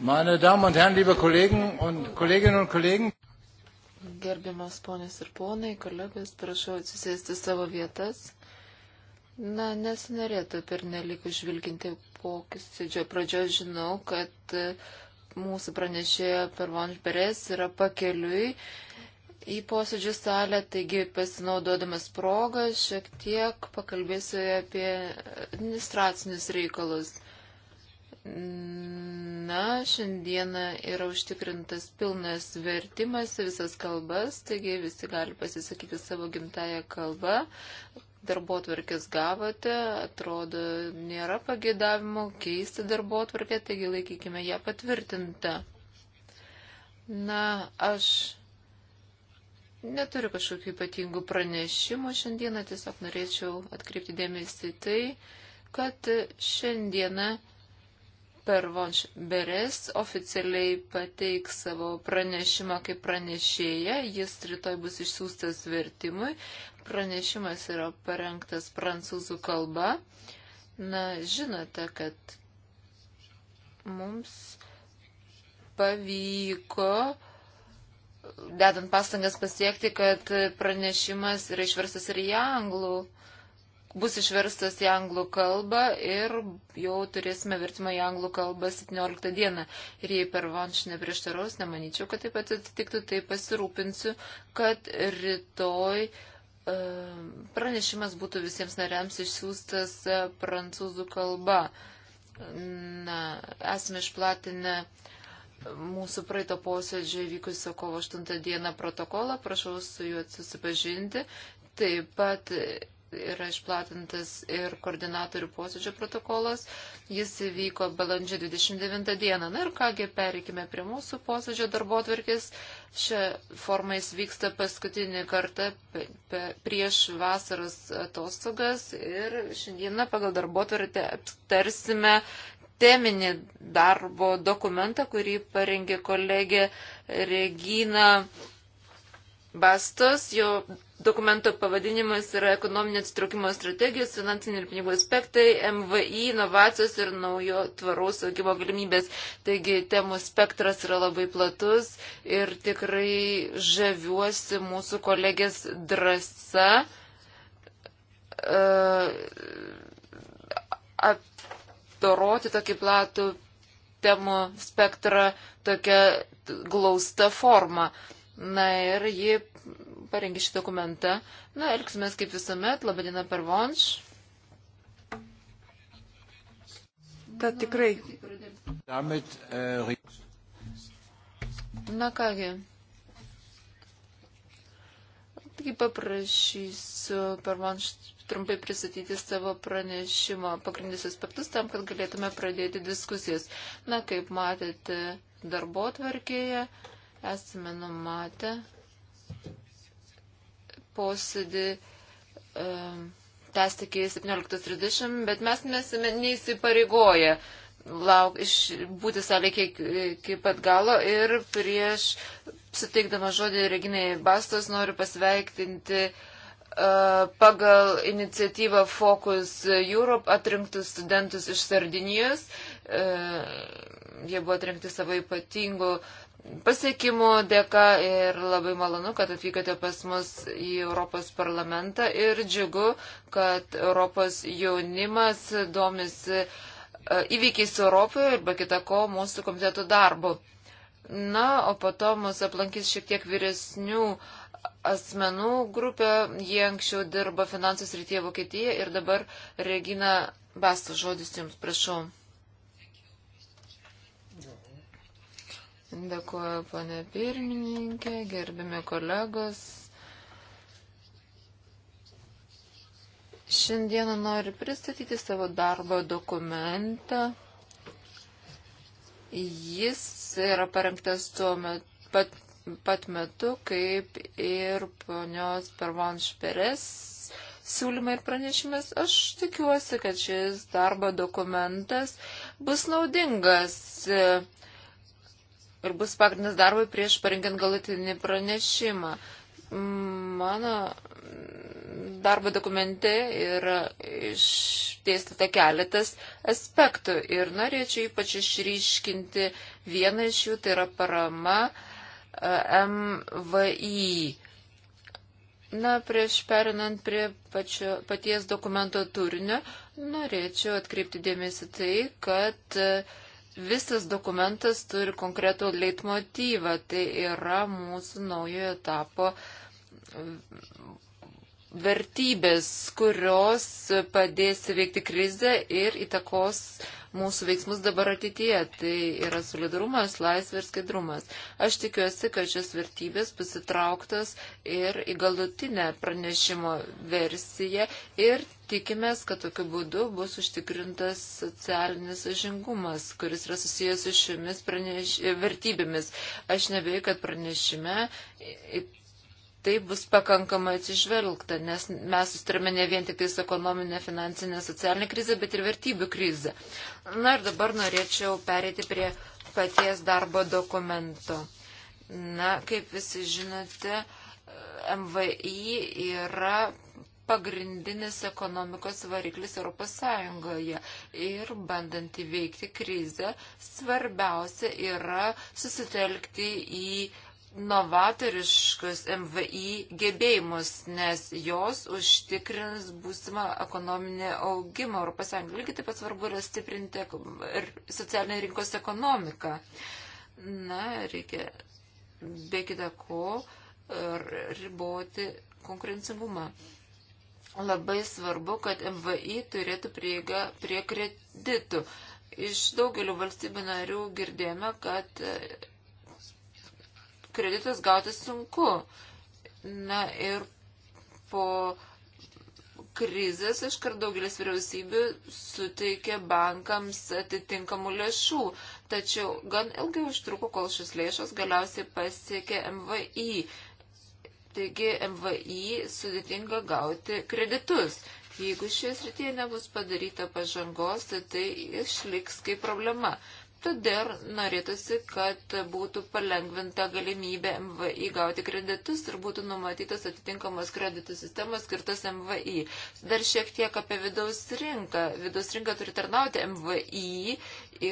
Meine Damen und Herren, liebe Kollegen und Kolleginnen und Kollegen. Gerbiamas ponės ir ponai, kolegos, prašau atsisėsti savo vietas. Na, nesinorėtų per nelik užvilginti pokysidžio pradžios. Žinau, kad e, mūsų pranešėjo Pervonš Beres yra pakeliui į posėdžių salę, taigi pasinaudodamas progą šiek tiek pakalbėsiu apie administracinius reikalus diena. Šiandieną yra užtikrintas pilnas vertimas visas kalbas, taigi visi gali pasisakyti savo gimtają kalbą. Darbo tvarkės gavote, atrodo, nėra pagėdavimo keisti darbo tvarkę, taigi laikykime ją patvirtintą. Na, aš neturiu kažkokių ypatingų pranešimų šiandieną, tiesiog norėčiau atkreipti dėmesį tai, kad šiandieną Pervonš Beres oficialiai pateiks savo pranešimą kaip pranešėja, jis rytoj bus išsiųstas vertimui, pranešimas yra parengtas prancūzų kalba. Na, žinote, kad mums pavyko, dedant pastangas pasiekti, kad pranešimas yra išverstas ir į anglų bus išverstas į anglų kalbą ir jau turėsime vertimą į anglų kalbą 17 dieną. Ir jei per vanš neprieštaraus, nemanyčiau, kad taip atsitiktų, tai pasirūpinsiu, kad rytoj e, pranešimas būtų visiems nariams išsiųstas e, prancūzų kalba. Na, esame išplatinę mūsų praeito posėdžio įvykusio kovo 8 dieną protokolą, prašau su juo susipažinti. Taip pat yra išplatintas ir koordinatorių posėdžio protokolas. Jis įvyko balandžio 29 dieną. Na ir kągi, pereikime prie mūsų posėdžio darbo atvarkės. Šią formą jis vyksta paskutinį kartą prieš vasaros atostogas ir šiandieną pagal darbo atvarkę aptarsime teminį darbo dokumentą, kurį parengė kolegė Regina Bastos. Jo Dokumento pavadinimas yra ekonominio atsitraukimo strategijos, finansiniai ir pinigų aspektai, MVI, inovacijos ir naujo tvaraus augimo galimybės. Taigi temų spektras yra labai platus ir tikrai žaviuosi mūsų kolegės drąsa uh, apdoroti tokį platų temų spektrą tokia glausta forma. Na ir ji parengė šį dokumentą. Na, elgsimės kaip visuomet. Labadiena per vonš. Ta tikrai. Äh, Na kągi. Taigi paprašysiu per vonš trumpai pristatyti savo pranešimo pagrindinius aspektus tam, kad galėtume pradėti diskusijas. Na, kaip matėte, darbo tvarkėje esame numatę posėdį um, tęsti iki 17.30, bet mes nesame neįsipareigoję lauk, iš, būti salė iki, iki pat galo ir prieš suteikdama žodį Reginai Bastos noriu pasveikinti uh, pagal iniciatyvą Focus Europe atrinktus studentus iš Sardinijos. Uh, jie buvo atrinkti savo ypatingų pasiekimų dėka ir labai malonu, kad atvykote pas mus į Europos parlamentą ir džiugu, kad Europos jaunimas domisi e, įvykiais Europoje ir be kitako mūsų komitetų darbu. Na, o po to mus aplankys šiek tiek vyresnių asmenų grupė, jie anksčiau dirba finansų srityje Vokietijoje ir dabar Regina Bastas žodis jums, prašau. Dėkuoju, ponė pirmininkė, gerbiami kolegos. Šiandieną noriu pristatyti savo darbo dokumentą. Jis yra parengtas tuo metu, pat, pat metu, kaip ir ponios Pervanš Peres siūlymai ir pranešimas. Aš tikiuosi, kad šis darbo dokumentas bus naudingas ir bus pagrindas darbui prieš parengiant galutinį pranešimą. Mano darbo dokumente yra išdėstyta keletas aspektų ir norėčiau ypač išryškinti vieną iš jų, tai yra parama e, MVI. Na, prieš perinant prie pačio, paties dokumento turinio, norėčiau atkreipti dėmesį tai, kad uh, Visas dokumentas turi konkretų leitmotyvą, tai yra mūsų naujojo etapo vertybės, kurios padės įveikti krizę ir įtakos mūsų veiksmus dabar ateityje. Tai yra solidarumas, laisvė ir skaidrumas. Aš tikiuosi, kad šios vertybės pasitrauktos ir į galutinę pranešimo versiją ir Tikimės, kad tokiu būdu bus užtikrintas socialinis žingumas, kuris yra susijęs su šiomis praneš... vertybėmis. Aš nebejoju, kad pranešime tai bus pakankamai atsižvelgta, nes mes sustarime ne vien tik tais ekonominę, finansinę, socialinę krizę, bet ir vertybių krizę. Na ir dabar norėčiau pereiti prie paties darbo dokumento. Na, kaip visi žinote, MVI yra pagrindinis ekonomikos variklis Europos Sąjungoje. Ir bandant įveikti krizę, svarbiausia yra susitelkti į novatoriškus MVI gebėjimus, nes jos užtikrins būsimą ekonominį augimą Europos Sąjungoje. Lygiai taip pat svarbu yra stiprinti socialinę rinkos ekonomiką. Na, reikia be kita ko riboti konkurencingumą labai svarbu, kad MVI turėtų prieigą prie kreditų. Iš daugelių valstybių narių girdėjome, kad e, kreditus gauti sunku. Na ir po krizės iškart daugelis vyriausybių suteikė bankams atitinkamų lėšų, tačiau gan ilgai užtruko, kol šis lėšos galiausiai pasiekė MVI. Taigi MVI sudėtinga gauti kreditus. Jeigu šioje srityje nebus padaryta pažangos, tai tai išliks kaip problema. Todėl norėtųsi, kad būtų palengvinta galimybė MVI gauti kreditus ir būtų numatytas atitinkamos kreditų sistemos skirtas MVI. Dar šiek tiek apie vidaus rinką. Vidaus rinka turi tarnauti MVI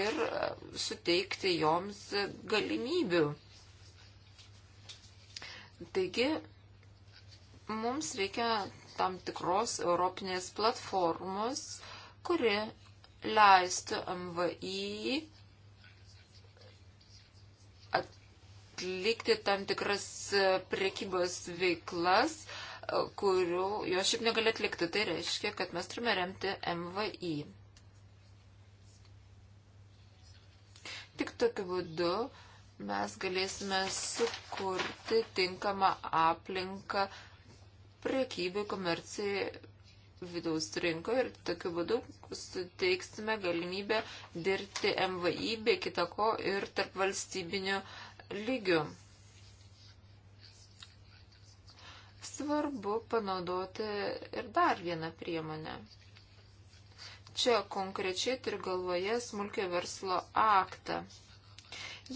ir e, suteikti joms galimybių. Taigi, Mums reikia tam tikros europinės platformos, kuri leistų MVI atlikti tam tikras e, priekybos veiklas, e, kurių jo šiaip negali atlikti. Tai reiškia, kad mes turime remti MVI. Tik tokiu būdu mes galėsime sukurti tinkamą aplinką priekybai, komercijai vidaus rinko ir tokiu būdu suteiksime galimybę dirbti MVI be kitako ir tarp valstybinių lygių. Svarbu panaudoti ir dar vieną priemonę. Čia konkrečiai turiu galvoje smulkio verslo aktą.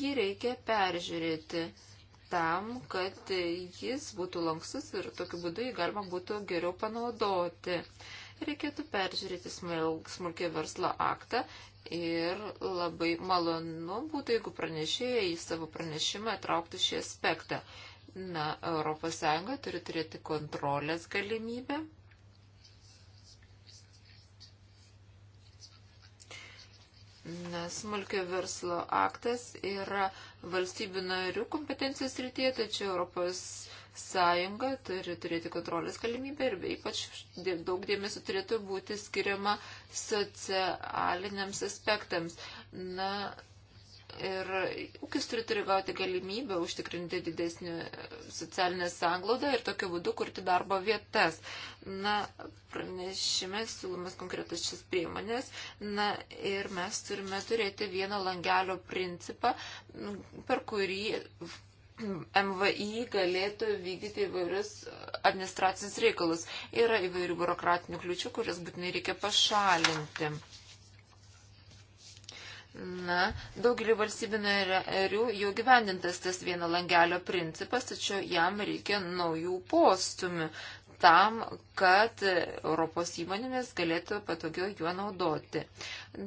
Jį reikia peržiūrėti tam, kad jis būtų lankstus ir tokiu būdu jį galima būtų geriau panaudoti. Reikėtų peržiūrėti smulkiai verslo aktą ir labai malonu būtų, jeigu pranešėjai į savo pranešimą atrauktų šį aspektą. Na, ES turi turėti kontrolės galimybę. Nes smulkio verslo aktas yra uh, valstybių narių kompetencijos rytyje, tačiau Europos sąjunga turi turėti kontrolės galimybę ir ypač daug dėmesio turėtų būti skiriama socialiniams aspektams. Na, Ir ūkis turi, turi gauti galimybę užtikrinti didesnį socialinę sąnglaudą ir tokiu būdu kurti darbo vietas. Na, pranešime siūlomas konkretas šis priemonės. Na, ir mes turime turėti vieno langelio principą, per kurį MVI galėtų vykdyti įvairius administracinius reikalus. Yra įvairių biurokratinių kliučių, kurias būtinai reikia pašalinti. Na, daugelį valstybių narių jau gyvendintas tas vieno langelio principas, tačiau jam reikia naujų postumių tam, kad Europos įmonėmis galėtų patogiau juo naudoti.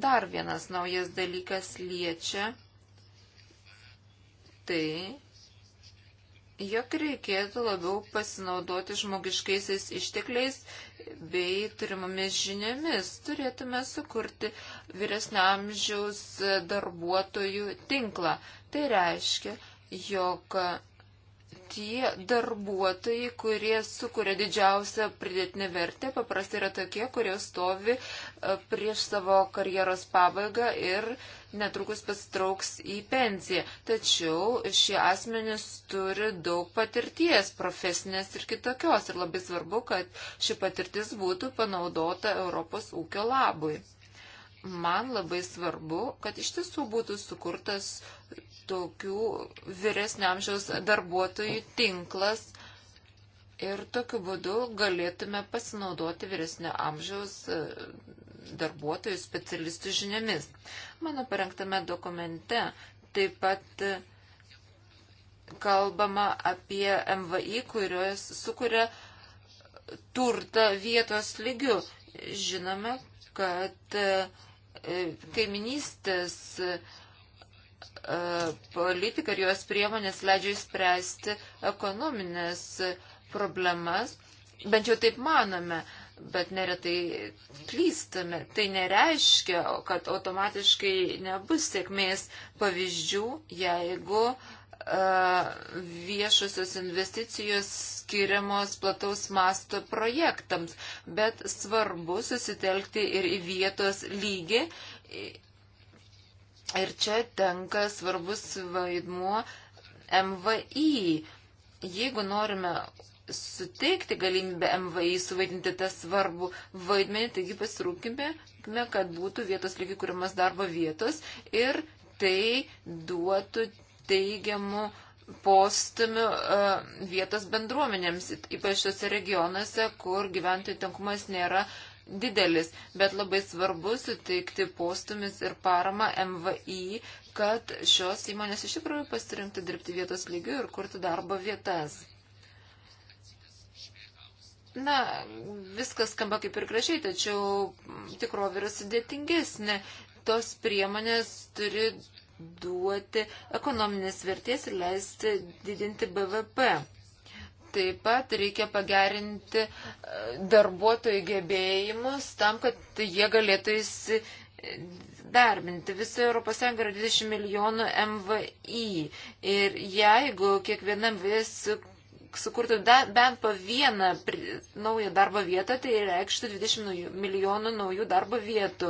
Dar vienas naujas dalykas liečia tai, jog reikėtų labiau pasinaudoti žmogiškaisiais ištekliais bei turimomis žiniomis. Turėtume sukurti vyresniamžiaus darbuotojų tinklą. Tai reiškia, jog tie darbuotojai, kurie sukuria didžiausią pridėtinę vertę, paprastai yra tokie, kurie stovi e, prieš savo karjeros pabaigą ir netrukus pasitrauks į pensiją. Tačiau šie asmenys turi daug patirties, profesinės ir kitokios. Ir labai svarbu, kad ši patirtis būtų panaudota Europos ūkio labui man labai svarbu, kad iš tiesų būtų sukurtas tokių vyresnio amžiaus darbuotojų tinklas ir tokiu būdu galėtume pasinaudoti vyresnio amžiaus e, darbuotojų specialistų žiniomis. Mano parengtame dokumente taip pat e, kalbama apie MVI, kurios sukuria turtą vietos lygių. Žinome, kad uh, E, kaiminystės e, politika ir jos priemonės leidžia įspręsti ekonominės problemas, bent jau taip manome, bet neretai klystame. Tai nereiškia, kad automatiškai nebus sėkmės pavyzdžių, jeigu uh, viešosios investicijos skiriamos plataus masto projektams, bet svarbu susitelkti ir į vietos lygį. Ir čia tenka svarbus vaidmuo MVI. Jeigu norime suteikti galimybę MVI suvaidinti tą svarbų vaidmenį, taigi pasirūpime, kad būtų vietos lygiai kūrimas darbo vietos ir tai duotų teigiamų postumių e, vietos bendruomenėms, ypač tose regionuose, kur gyventojų tankumas nėra didelis, bet labai svarbu suteikti postumis ir paramą MVI, kad šios įmonės iš tikrųjų pasirinktų dirbti vietos lygių ir kurti darbo vietas. Na, viskas skamba kaip ir gražiai, tačiau tikrovė yra sudėtingesnė. Tos priemonės turi duoti ekonominės vertės ir leisti didinti BVP. Taip pat reikia pagerinti e, darbuotojų gebėjimus tam, kad jie galėtų įsidarbinti. Visoje ES yra 20 milijonų MVI. Ir jeigu kiekvienam vis sukurti bent po vieną naują darbo vietą, tai reikštų 20 milijonų naujų darbo vietų.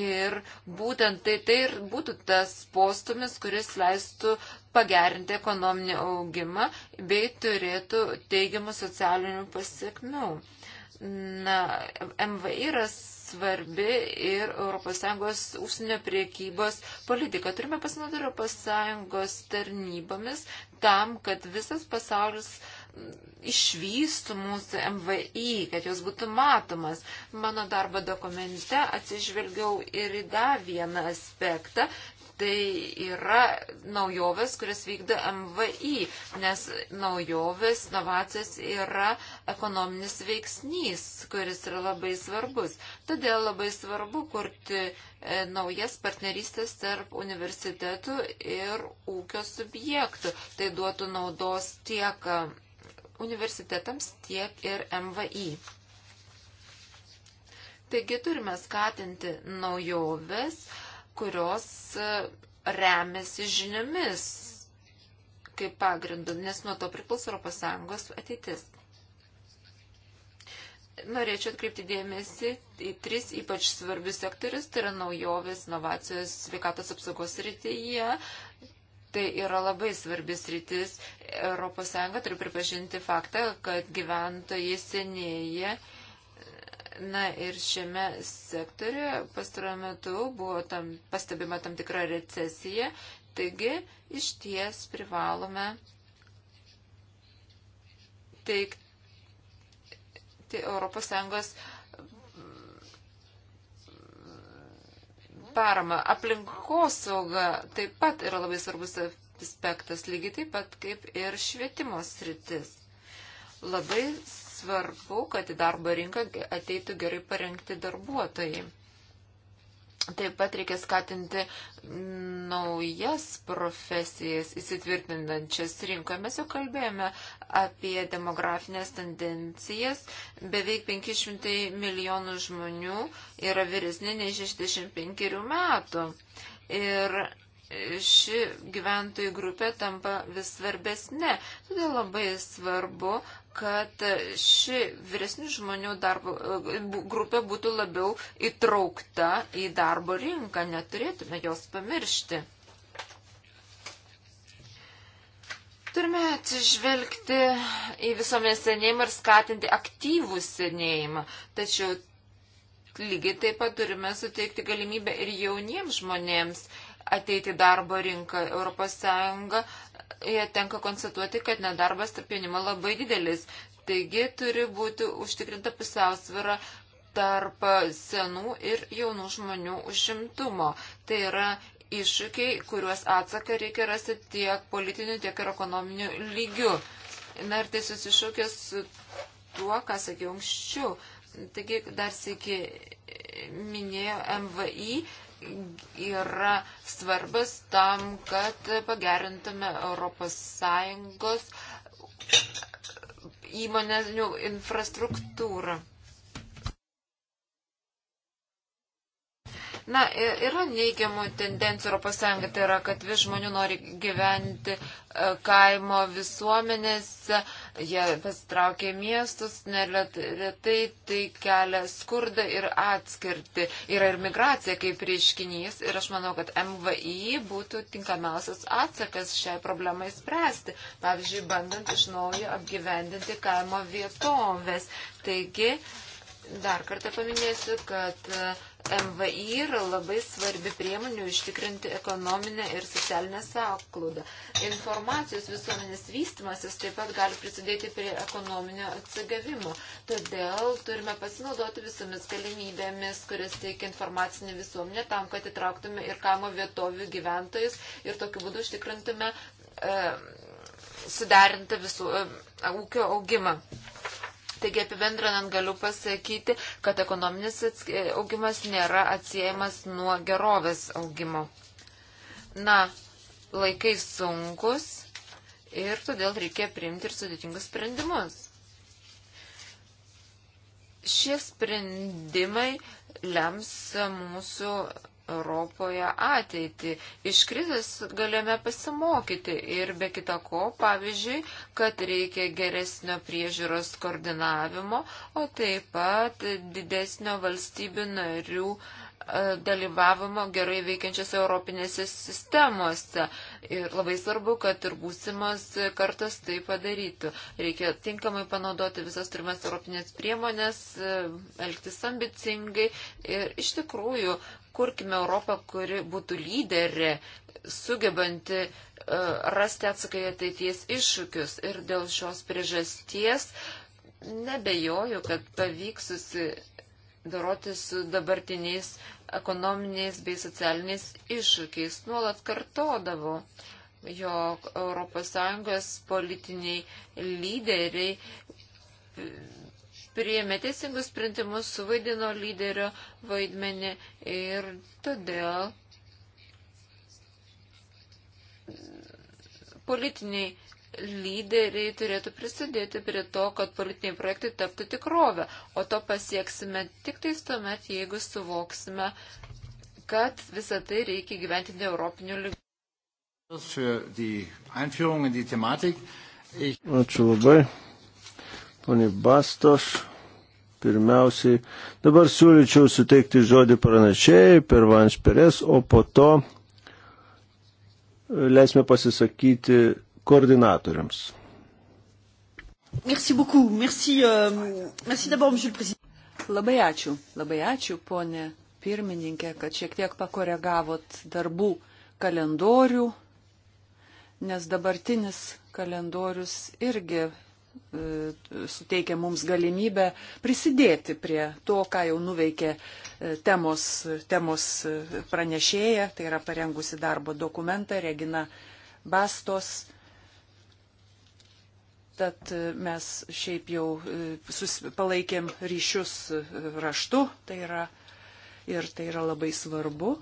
Ir būtent tai, tai ir būtų tas postumis, kuris leistų pagerinti ekonominį augimą bei turėtų teigiamų socialinių pasiekmių. Na, MVI yra svarbi ir ES užsienio priekybos politika. Turime pasinaudoti ES tarnybomis tam, kad visas pasaulis išvystų mūsų MVI, kad jos būtų matomas. Mano darbo dokumente atsižvelgiau ir į dar vieną aspektą, Tai yra naujovės, kurias vykdo MVI, nes naujovės, inovacijas yra ekonominis veiksnys, kuris yra labai svarbus. Todėl labai svarbu kurti e, naujas partnerystės tarp universitetų ir ūkio subjektų. Tai duotų naudos tiek e, universitetams, tiek ir MVI. Taigi turime skatinti naujoves, kurios e, remiasi žiniomis kaip pagrindu, nes nuo to priklauso ES ateitis. Norėčiau atkreipti dėmesį į tris ypač svarbius sektorius, tai yra naujovės, inovacijos, sveikatos apsaugos srityje. Tai yra labai svarbis rytis. ES turi pripažinti faktą, kad gyventojai senėja Na ir šiame sektoriuje pastaruoju metu buvo tam, pastebima tam tikra recesija, taigi iš ties privalome teikti Europos Sąjungos parama. Aplinkosauga taip pat yra labai svarbus aspektas, lygiai taip pat kaip ir švietimo sritis. Labai svarbu, kad į darbo rinką ateitų gerai parengti darbuotojai. Taip pat reikia skatinti naujas profesijas įsitvirtinančias rinkoje. Mes jau kalbėjome apie demografinės tendencijas. Beveik 500 milijonų žmonių yra vyresni nei 65 metų. Ir ši gyventojų grupė tampa vis svarbesnė. Todėl labai svarbu kad ši vyresnių žmonių darbo e, grupė būtų labiau įtraukta į darbo rinką, neturėtume jos pamiršti. Turime atsižvelgti į visuomenės senėjimą ir skatinti aktyvų senėjimą, tačiau lygiai taip pat turime suteikti galimybę ir jauniems žmonėms ateiti darbo rinką. ES tenka konstatuoti, kad nedarbas tarp jaunimo labai didelis. Taigi turi būti užtikrinta pusiausvyrą tarp senų ir jaunų žmonių užimtumo. Tai yra iššūkiai, kuriuos atsaką reikia rasti tiek politiniu, tiek ir ekonominiu lygiu. Na ir tai susišūkė su tuo, ką sakiau anksčiau. Taigi dar sėki minėjo MVI, yra svarbus tam, kad pagerintume ES įmonės nu, infrastruktūrą. Na, yra neigiamų tendencijų ES, tai yra, kad vis žmonių nori gyventi e, kaimo visuomenėse, jie pastraukia miestus, neretai tai kelia skurdą ir atskirti. Yra ir migracija kaip reiškinys ir aš manau, kad MVI būtų tinkamiausias atsakas šiai problemai spręsti. Pavyzdžiui, bandant iš naujo apgyvendinti kaimo vietovės. Taigi, uh, Dar kartą paminėsiu, kad e, MVI yra labai svarbi priemonių ištikrinti ekonominę ir socialinę sąklaudą. Informacijos visuomenės vystimasis taip pat gali prisidėti prie ekonominio atsigavimo. Todėl turime pasinaudoti visomis galimybėmis, kurias teikia informacinė visuomenė, tam, kad įtrauktume ir kaimo vietovių gyventojus ir tokiu būdu užtikrintume e, suderintą visų e, ūkio augimą. Taigi apibendrinant galiu pasakyti, kad ekonominis e, augimas nėra atsiejamas nuo gerovės augimo. Na, laikai sunkus ir todėl reikia priimti ir sudėtingus sprendimus. Šie sprendimai lems mūsų Europoje ateitį. Iš krizės galime pasimokyti ir be kita ko, pavyzdžiui, kad reikia geresnio priežiūros koordinavimo, o taip pat didesnio valstybių narių e, dalyvavimo gerai veikiančiose europinėse sistemose. Ir labai svarbu, kad ir būsimas kartas tai padarytų. Reikia tinkamai panaudoti visas turimas europinės priemonės, e, elgtis ambicingai ir iš tikrųjų kurkime Europą, kuri būtų lyderė, sugebanti e, rasti atsaką į ateities iššūkius. Ir dėl šios priežasties nebejoju, kad pavyks susidoroti su dabartiniais ekonominiais bei socialiniais iššūkiais. Nuolat kartodavo, jog ES politiniai lyderiai priėmė teisingus sprendimus, suvaidino lyderio vaidmenį ir todėl politiniai lyderiai turėtų prisidėti prie to, kad politiniai projektai taptų tikrovę, o to pasieksime tik tais tuomet, jeigu suvoksime, kad visą tai reikia gyventinti europinių lygių. Ačiū labai. Pone Bastos, pirmiausiai dabar siūlyčiau suteikti žodį pranašėjai per Vanš Peres, o po to leisime pasisakyti koordinatoriams. Merci beaucoup. Merci, uh, merci d'abord, monsieur le président. Labai ačiū, labai ačiū, ponė pirmininkė, kad šiek tiek pakoregavot darbų kalendorių, nes dabartinis kalendorius irgi suteikia mums galimybę prisidėti prie to, ką jau nuveikė e, temos, temos e, pranešėja, tai yra parengusi darbo dokumentą Regina Bastos. Tad e, mes šiaip jau palaikėm ryšius raštu, tai yra ir tai yra labai svarbu,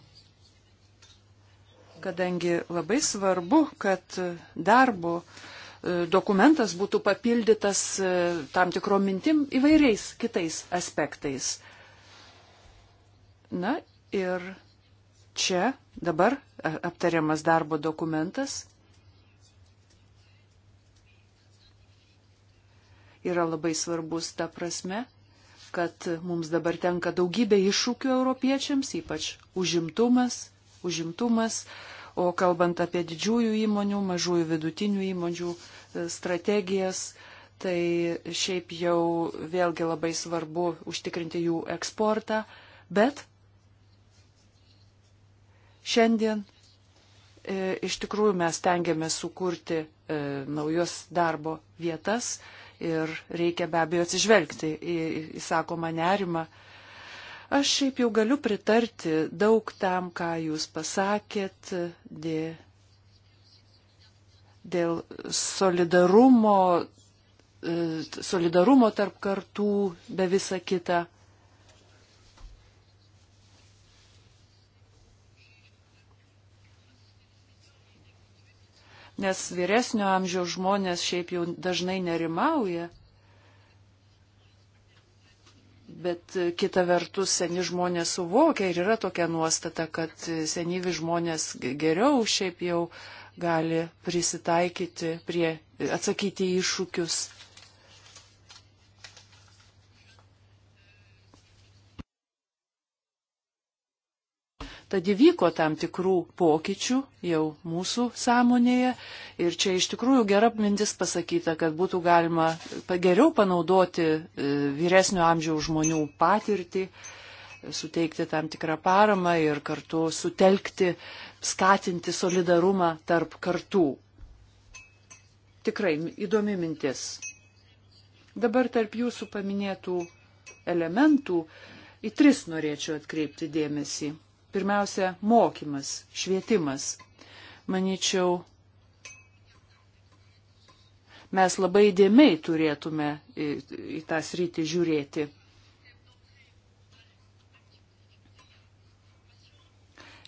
kadangi labai svarbu, kad darbo dokumentas būtų papildytas e, tam tikrom mintim įvairiais kitais aspektais. Na ir čia dabar e, aptariamas darbo dokumentas yra labai svarbus ta prasme, kad mums dabar tenka daugybė iššūkių europiečiams, ypač užimtumas, užimtumas, uh, O kalbant apie didžiųjų įmonių, mažųjų vidutinių įmonių e, strategijas, tai šiaip jau vėlgi labai svarbu užtikrinti jų eksportą, bet šiandien e, iš tikrųjų mes tengiamės sukurti e, naujos darbo vietas ir reikia be abejo atsižvelgti į, į sakomą nerimą, e, Aš šiaip jau galiu pritarti daug tam, ką jūs pasakėt dė, dėl solidarumo, e, solidarumo tarp kartų be visa kita. Nes vyresnio amžiaus žmonės šiaip jau dažnai nerimauja Bet e, kita vertus, seni žmonės suvokia ir yra tokia nuostata, kad e, senyvi žmonės geriau šiaip jau gali prisitaikyti prie, e, atsakyti į iššūkius. Tad įvyko tam tikrų pokyčių jau mūsų sąmonėje ir čia iš tikrųjų gera mintis pasakyta, kad būtų galima geriau panaudoti e, vyresnio amžiaus žmonių patirtį, suteikti tam tikrą paramą ir kartu sutelkti, skatinti solidarumą tarp kartų. Tikrai įdomi mintis. Dabar tarp jūsų paminėtų elementų į tris norėčiau atkreipti dėmesį pirmiausia mokymas, švietimas. Maničiau, mes labai dėmiai turėtume į, į tą sritį žiūrėti.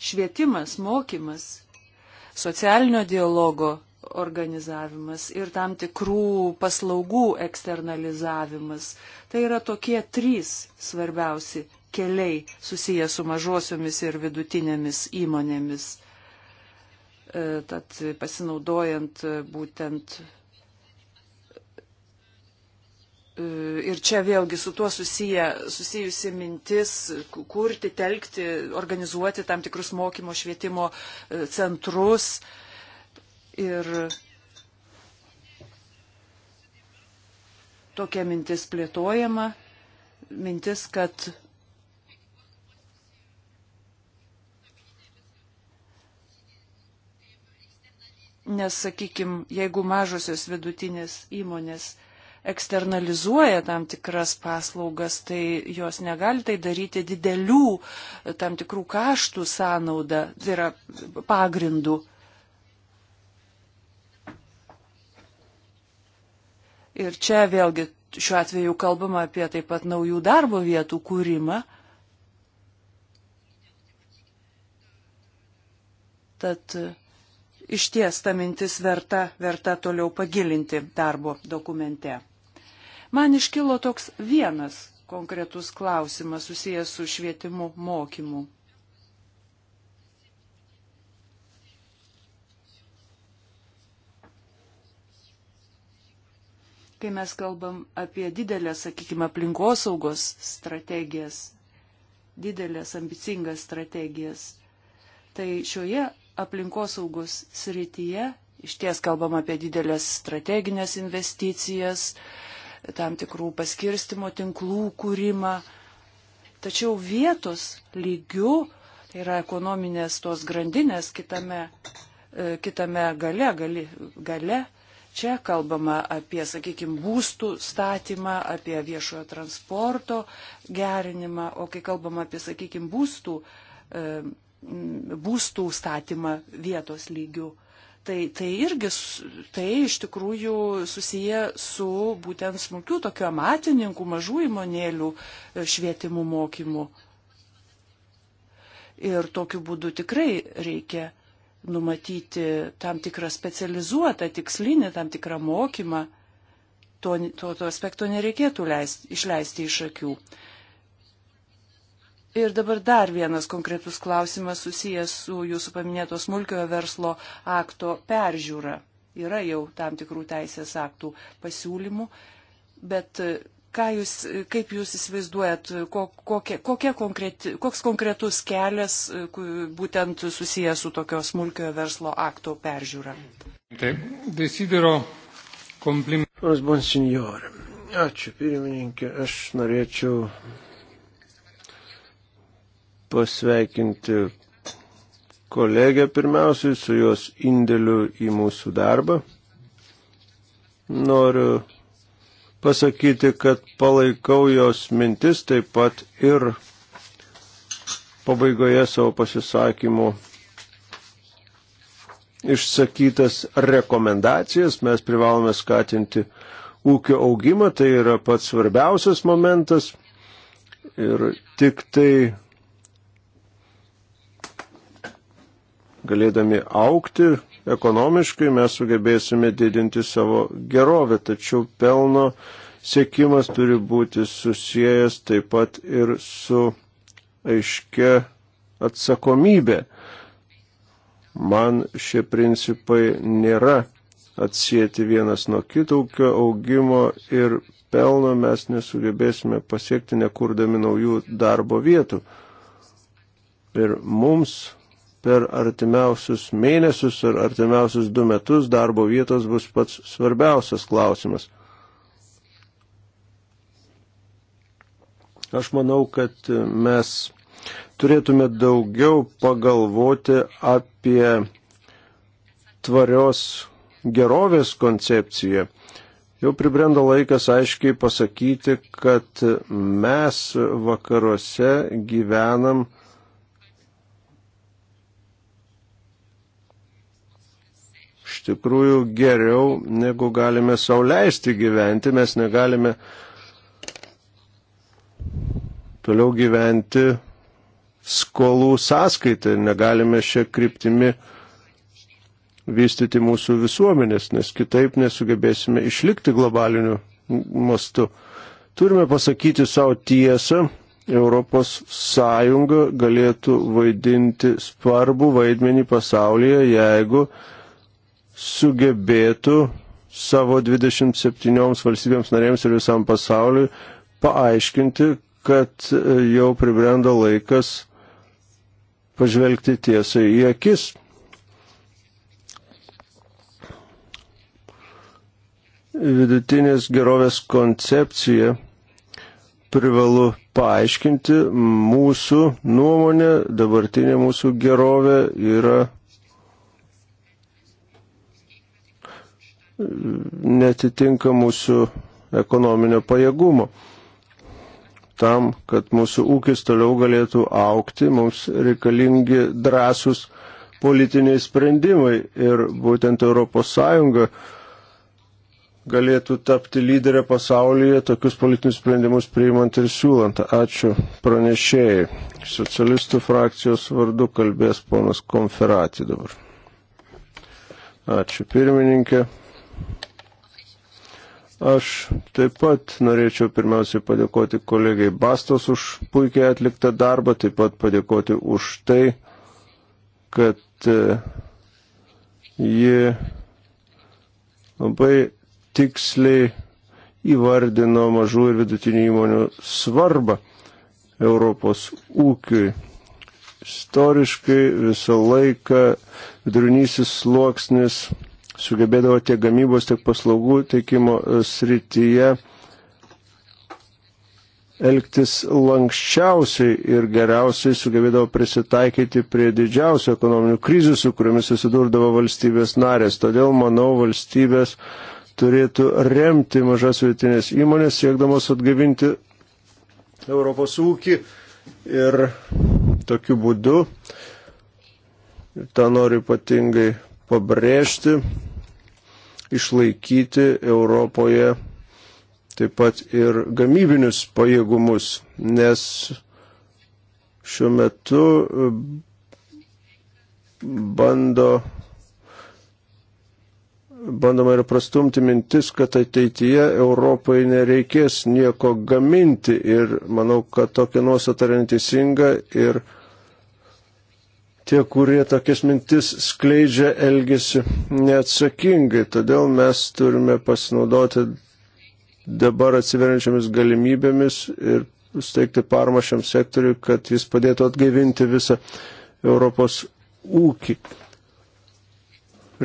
Švietimas, mokymas, socialinio dialogo organizavimas ir tam tikrų paslaugų eksternalizavimas. Tai yra tokie trys svarbiausi keliai susiję su mažosiomis ir vidutinėmis įmonėmis. E, tad pasinaudojant e, būtent e, ir čia vėlgi su tuo susiję, susijusi mintis kurti, telkti, organizuoti tam tikrus mokymo švietimo centrus. Ir tokia mintis plėtojama, mintis, kad Nes, sakykime, jeigu mažosios vidutinės įmonės eksternalizuoja tam tikras paslaugas, tai jos negali tai daryti didelių tam tikrų kaštų sąnaudą, tai yra pagrindų. Ir čia vėlgi šiuo atveju kalbama apie taip pat naujų darbo vietų kūrimą. Tad iš ties ta mintis verta, verta toliau pagilinti darbo dokumente. Man iškilo toks vienas konkretus klausimas susijęs su švietimu mokymu. Kai mes kalbam apie didelės, sakykime, aplinkosaugos strategijas, didelės ambicingas strategijas, tai šioje aplinkosaugos srityje, iš ties kalbam apie didelės strateginės investicijas, tam tikrų paskirstimo tinklų kūrimą, tačiau vietos lygių, tai yra ekonominės tos grandinės kitame, e, kitame gale, gali, gale, čia kalbama apie, sakykime, būstų statymą, apie viešojo transporto gerinimą, o kai kalbama apie, sakykime, būstų e, Mm, būstų statymą vietos lygių. Tai, tai irgi tai iš tikrųjų susiję su būtent smulkių tokių amatininkų, mažų įmonėlių e, švietimu mokymu. Ir tokiu būdu tikrai reikia numatyti tam tikrą specializuotą, tikslinį, tam tikrą mokymą. To, to, to aspekto nereikėtų leist, išleisti iš akių. Ir dabar dar vienas konkretus klausimas susijęs su jūsų paminėto smulkiojo verslo akto peržiūra. Yra jau tam tikrų teisės aktų pasiūlymų, bet e, jūs, e, kaip jūs įsivaizduojat, kokie, kokie konkreti, koks konkretus kelias e, būtent susijęs su tokio smulkiojo verslo akto peržiūra? Taip, desidero komplimentas. Ačiū, pirmininkė. Aš norėčiau pasveikinti kolegę pirmiausiai su jos indėliu į mūsų darbą. Noriu pasakyti, kad palaikau jos mintis taip pat ir pabaigoje savo pasisakymų išsakytas rekomendacijas. Mes privalome skatinti ūkio augimą, tai yra pats svarbiausias momentas. Ir tik tai galėdami aukti ekonomiškai, mes sugebėsime didinti savo gerovę, tačiau pelno siekimas turi būti susijęs taip pat ir su aiškia atsakomybė. Man šie principai nėra atsijėti vienas nuo kitokio augimo ir pelno mes nesugebėsime pasiekti nekurdami naujų darbo vietų. Ir mums per artimiausius mėnesius ar artimiausius du metus darbo vietos bus pats svarbiausias klausimas. Aš manau, kad mes turėtume daugiau pagalvoti apie tvarios gerovės koncepciją. Jau pribrendo laikas aiškiai pasakyti, kad mes vakaruose gyvenam uh, iš tikrųjų geriau, negu galime sauliaisti gyventi. Mes negalime toliau gyventi skolų sąskaitą ir negalime šią kryptimį vystyti mūsų visuomenės, nes kitaip nesugebėsime išlikti globaliniu mastu. Turime pasakyti savo tiesą, Europos Sąjunga galėtų vaidinti svarbų vaidmenį pasaulyje, jeigu sugebėtų savo 27 valstybėms narėms ir visam pasauliui paaiškinti, kad e, jau pribrendo laikas pažvelgti tiesai į akis. Vidutinės gerovės koncepcija privalu paaiškinti mūsų nuomonė, dabartinė mūsų gerovė yra netitinka mūsų ekonominio pajėgumo. Tam, kad mūsų ūkis toliau galėtų aukti, mums reikalingi drąsus politiniai sprendimai ir būtent ES galėtų tapti lyderę pasaulyje tokius politinius sprendimus priimant ir siūlant. Ačiū pranešėjai. Socialistų frakcijos vardu kalbės ponas Konferati dabar. Ačiū pirmininkė. Aš taip pat norėčiau pirmiausiai padėkoti kolegai Bastos už puikiai atliktą darbą, taip pat padėkoti už tai, kad e, ji labai tiksliai įvardino mažų ir vidutinių įmonių svarbą Europos ūkiui. Istoriškai visą laiką vidurinysis sluoksnis sugebėdavo tiek gamybos, tiek paslaugų teikimo e, srityje elgtis lankščiausiai ir geriausiai sugebėdavo prisitaikyti prie didžiausių ekonominių krizių, su kuriomis susidurdavo valstybės narės. Todėl, manau, valstybės turėtų remti mažas vietinės įmonės, siekdamos atgavinti Europos ūkį ir tokiu būdu, tą noriu ypatingai pabrėžti, išlaikyti Europoje taip pat ir gamybinius pajėgumus, nes šiuo metu e, bando, bandoma ir prastumti mintis, kad ateityje Europai nereikės nieko gaminti ir manau, kad tokia nuostata yra neteisinga ir tie, kurie tokias mintis skleidžia, elgesi neatsakingai. Todėl mes turime pasinaudoti dabar atsiveriančiamis galimybėmis ir steigti parmą šiam sektoriui, kad jis padėtų atgaivinti visą Europos ūkį.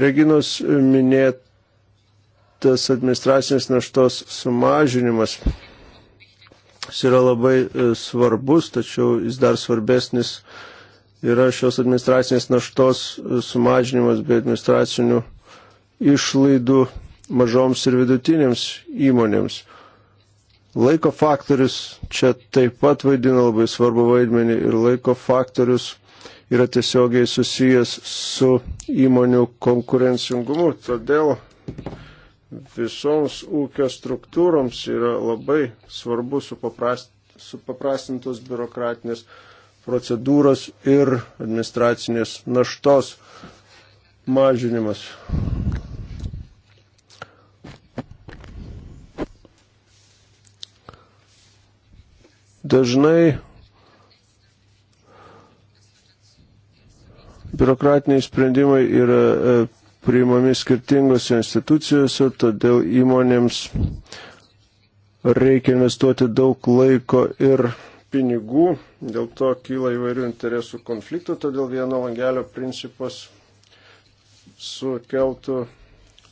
Reginos minėtas administracinės naštos sumažinimas jis yra labai e, svarbus, tačiau jis dar svarbesnis yra šios administracinės naštos sumažinimas bei administracinių išlaidų mažoms ir vidutinėms įmonėms. Laiko faktorius čia taip pat vaidina labai svarbu vaidmenį ir laiko faktorius yra tiesiogiai susijęs su įmonių konkurencingumu. Todėl visoms ūkio struktūroms yra labai svarbu supaprastintos biurokratinės procedūros ir administracinės naštos mažinimas. Dažnai biurokratiniai sprendimai yra e, priimami skirtingose institucijose, todėl įmonėms reikia investuoti daug laiko ir pinigų, dėl to kyla įvairių interesų konfliktų, todėl vieno langelio principas sukeltų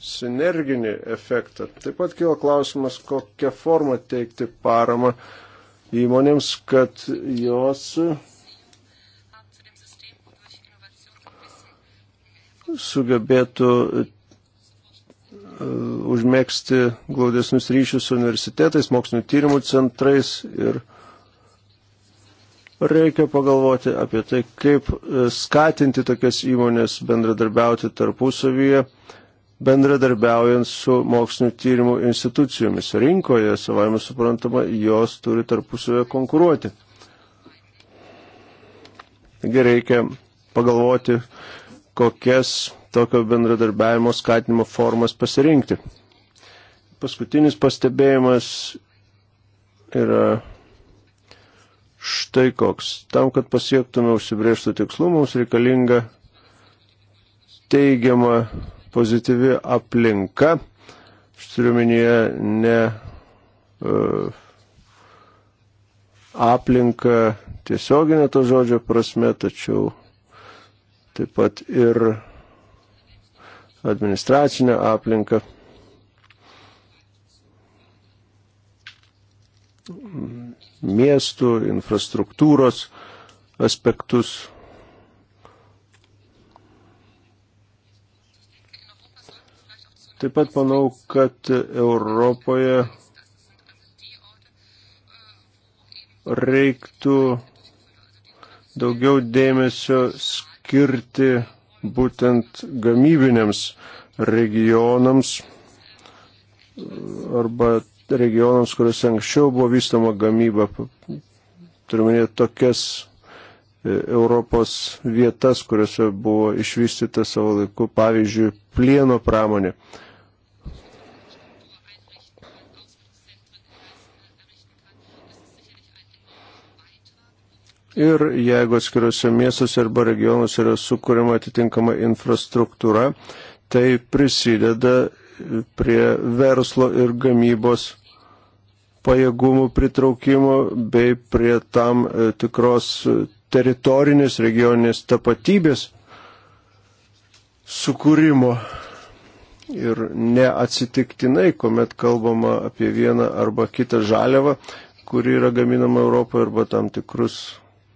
sinerginį efektą. Taip pat kyla klausimas, kokią formą teikti paramą įmonėms, kad jos sugebėtų uh, užmėgsti glaudesnius ryšius su universitetais, mokslinio tyrimų centrais ir Reikia pagalvoti apie tai, kaip e, skatinti tokias įmonės bendradarbiauti tarpusavyje, bendradarbiaujant su mokslinio tyrimų institucijomis. Rinkoje, savaime suprantama, jos turi tarpusavyje konkuruoti. Taigi reikia pagalvoti, kokias tokio bendradarbiavimo skatinimo formas pasirinkti. Paskutinis pastebėjimas yra štai koks. Tam, kad pasiektume užsibrėžtų tikslų, mums reikalinga teigiama pozityvi aplinka. Aš turiu minėje ne uh, aplinką tiesioginę to žodžio prasme, tačiau taip pat ir administracinę aplinką miestų, infrastruktūros aspektus. Taip pat manau, kad Europoje reiktų daugiau dėmesio skirti būtent gamybinėms regionams arba regionams, kuriuose anksčiau buvo vystoma gamyba. Turime tokias e, Europos vietas, kuriuose buvo išvystyta savo laiku, pavyzdžiui, plieno pramonė. Ir jeigu atskiriuose miestuose arba regionuose yra sukūrima atitinkama infrastruktūra, tai prisideda prie verslo ir gamybos pajėgumų pritraukimo bei prie tam e, tikros e, teritorinės regioninės tapatybės sukūrimo. Ir neatsitiktinai, kuomet kalbama apie vieną arba kitą žaliavą, kuri yra gaminama Europoje arba tam tikrus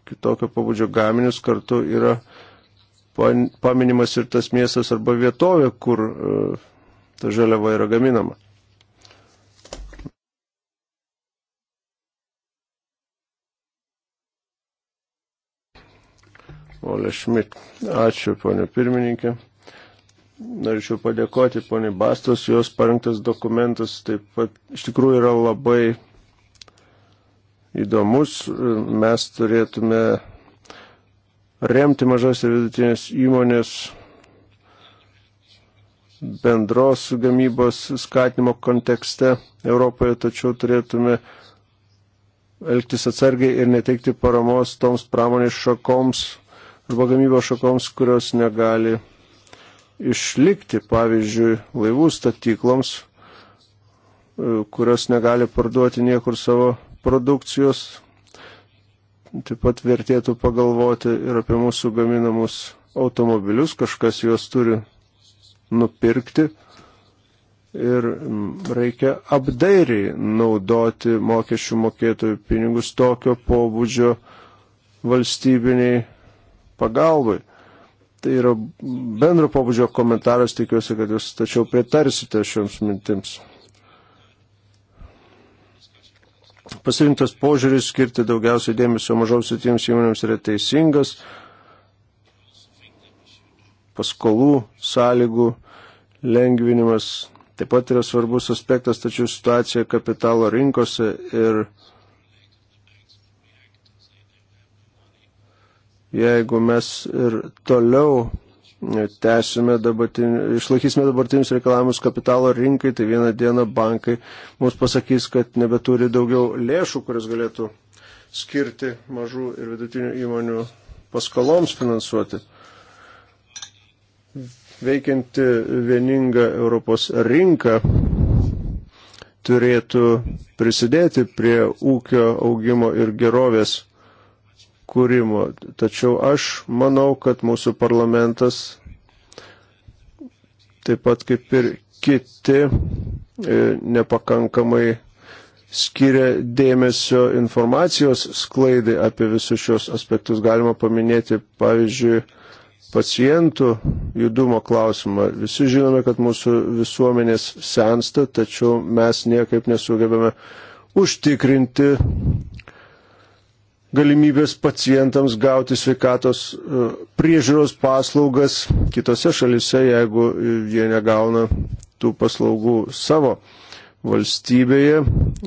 kitokio pabudžio gaminius, kartu yra paminimas ir tas miestas arba vietovė, kur uh, ta žaliava yra gaminama. Ole Šmit. Ačiū, ponė pirmininkė. Norėčiau padėkoti ponė Bastos, jos parengtas dokumentas taip pat iš tikrųjų yra labai įdomus. Mes turėtume remti mažas ir vidutinės įmonės bendros gamybos skatinimo kontekste Europoje, tačiau turėtume elgtis atsargiai ir neteikti paramos toms pramonės šakoms arba gamybos šakoms, kurios negali išlikti, pavyzdžiui, laivų statykloms, e, kurios negali parduoti niekur savo produkcijos. Taip pat vertėtų pagalvoti ir apie mūsų gaminamus automobilius, kažkas juos turi nupirkti ir reikia apdairiai naudoti mokesčių mokėtojų pinigus tokio pobūdžio valstybiniai pagalbai. Tai yra bendro pobūdžio komentaras, tikiuosi, kad jūs tačiau pritarsite šioms mintims. Pasirinktas požiūris skirti daugiausiai dėmesio mažoms ir tiems įmonėms yra teisingas paskolų sąlygų lengvinimas taip pat yra svarbus aspektas, tačiau situacija kapitalo rinkose ir jeigu mes ir toliau tęsime dabartin, išlaikysime dabartinius reikalavimus kapitalo rinkai, tai vieną dieną bankai mums pasakys, kad nebeturi daugiau lėšų, kuris galėtų skirti mažų ir vidutinių įmonių paskoloms finansuoti veikianti vieninga Europos rinka turėtų prisidėti prie ūkio augimo ir gerovės kūrimo. Tačiau aš manau, kad mūsų parlamentas, taip pat kaip ir kiti, e, nepakankamai skiria dėmesio informacijos sklaidai apie visus šios aspektus. Galima paminėti, pavyzdžiui, pacientų judumo klausimą. Visi žinome, kad mūsų visuomenės sensta, tačiau mes niekaip nesugebame užtikrinti galimybės pacientams gauti sveikatos e, priežiūros paslaugas kitose šalise, jeigu jie negauna tų paslaugų savo valstybėje,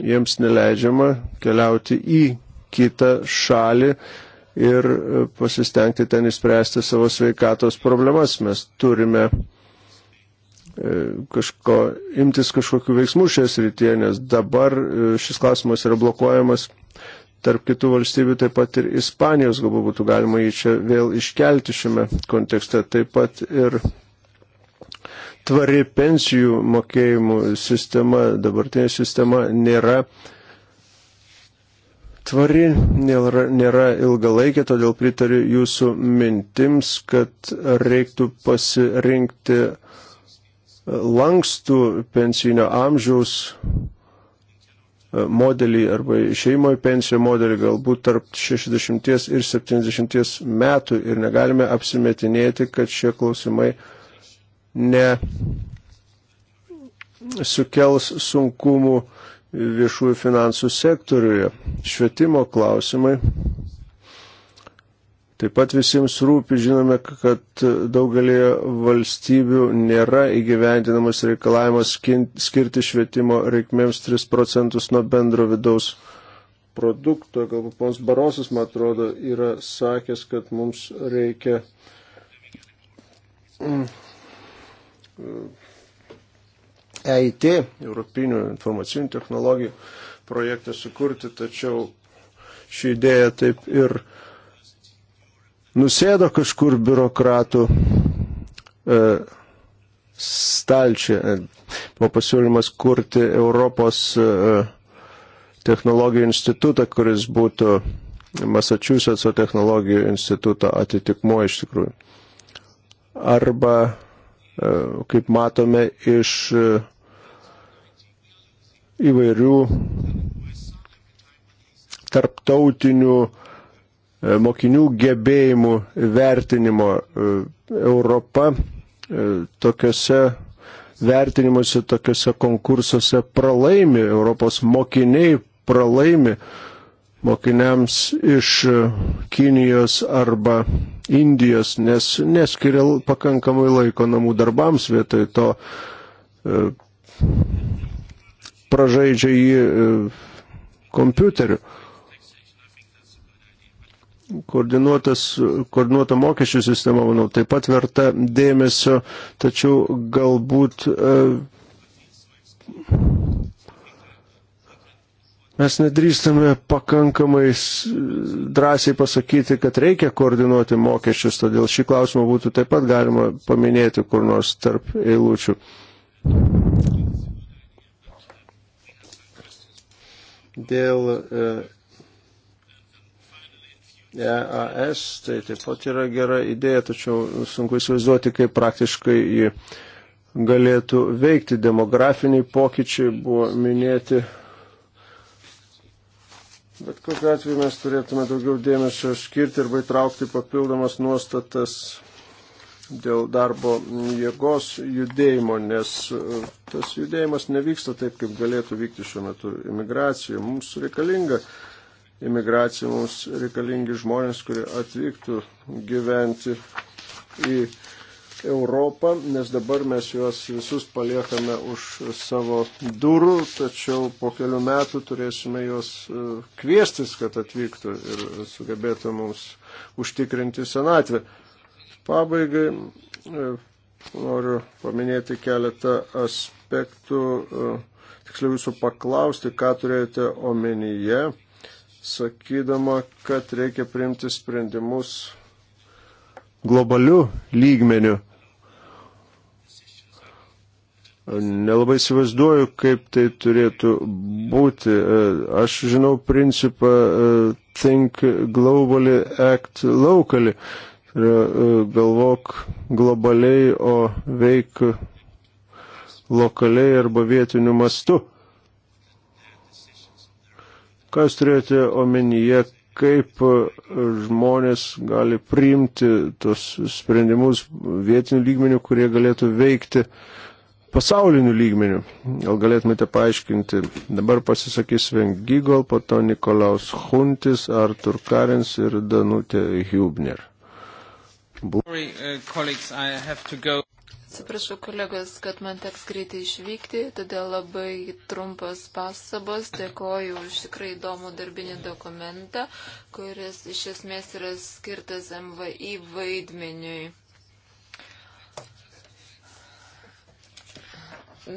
jiems neleidžiama keliauti į kitą šalį ir e, pasistengti ten išspręsti savo sveikatos problemas. Mes turime e, kažko, imtis kažkokių veiksmų šioje srityje, nes dabar e, šis klausimas yra blokuojamas tarp kitų valstybių, taip pat ir Ispanijos, galbūt būtų galima jį čia vėl iškelti šiame kontekste, taip pat ir tvari pensijų mokėjimų sistema, dabartinė sistema nėra uh, tvari, nėra, nėra ilgalaikė, todėl pritariu jūsų mintims, kad reiktų pasirinkti lankstų pensinio amžiaus e, modelį arba šeimo į pensiją modelį galbūt tarp 60 ir 70 metų ir negalime apsimetinėti, kad šie klausimai ne sukels sunkumų uh, viešųjų finansų sektoriuje. Švietimo klausimai. Taip pat visiems rūpi, žinome, kad daugelėje valstybių nėra įgyvendinamas reikalavimas skirti švietimo reikmėms 3 procentus nuo bendro vidaus produkto. Galbūt pons Barosas, man atrodo, yra sakęs, kad mums reikia mm, EIT, Europinių informacinių technologijų projektą sukurti, tačiau ši idėja taip ir nusėdo kažkur biurokratų e, stalčiai. Buvo pasiūlymas kurti Europos e, technologijų institutą, kuris būtų Massachusetts technologijų instituto atitikmo iš tikrųjų. Arba, e, kaip matome, iš e, įvairių tarptautinių e, mokinių gebėjimų vertinimo. E, Europa e, tokiuose vertinimuose, tokiuose konkursuose pralaimi, Europos mokiniai pralaimi mokiniams iš Kinijos arba Indijos, nes neskiria pakankamai laiko namų darbams vietoj to pražaidžia jį e, kompiuteriu. Koordinuota mokesčių sistema, manau, taip pat verta dėmesio, tačiau galbūt e, mes nedrįstame pakankamai drąsiai pasakyti, kad reikia koordinuoti mokesčius, todėl šį klausimą būtų taip pat galima paminėti kur nors tarp eilučių. Thank you. Dėl EAS e tai taip pat yra gera idėja, tačiau sunku įsivaizduoti, kaip praktiškai jį galėtų veikti. Demografiniai pokyčiai buvo minėti. Bet kokiu atveju mes turėtume daugiau dėmesio skirti arba įtraukti papildomas nuostatas dėl darbo jėgos judėjimo, nes e, tas judėjimas nevyksta taip, kaip galėtų vykti šiuo metu imigracija. Mums reikalinga imigracija, mums reikalingi žmonės, kurie atvyktų gyventi į Europą, nes dabar mes juos visus paliekame už savo durų, tačiau po kelių metų turėsime juos e, kvieštis, kad atvyktų ir sugebėtų mums užtikrinti senatvę. Pabaigai e, noriu paminėti keletą aspektų, e, tiksliau jūsų paklausti, ką turėjote omenyje, sakydama, kad reikia priimti sprendimus globalių lygmenių. Nelabai įsivaizduoju, kaip tai turėtų būti. E, aš žinau principą Think Globally, Act Locally. E, galvok globaliai, o veik lokaliai arba vietiniu mastu. Ką jūs turėjote omenyje, kaip žmonės gali priimti tos sprendimus vietinių lygmenių, kurie galėtų veikti pasauliniu lygmeniu. Gal galėtumėte paaiškinti, dabar pasisakys Vengigol, po to Nikolaus Huntis, Artur Karins ir Danutė Hubner. Uh, Atsiprašau, kolegos, kad man teks greitai išvykti, todėl labai trumpas pasabos. Dėkoju už tikrai įdomų darbinį dokumentą, kuris iš esmės yra skirtas MVI vaidmeniui.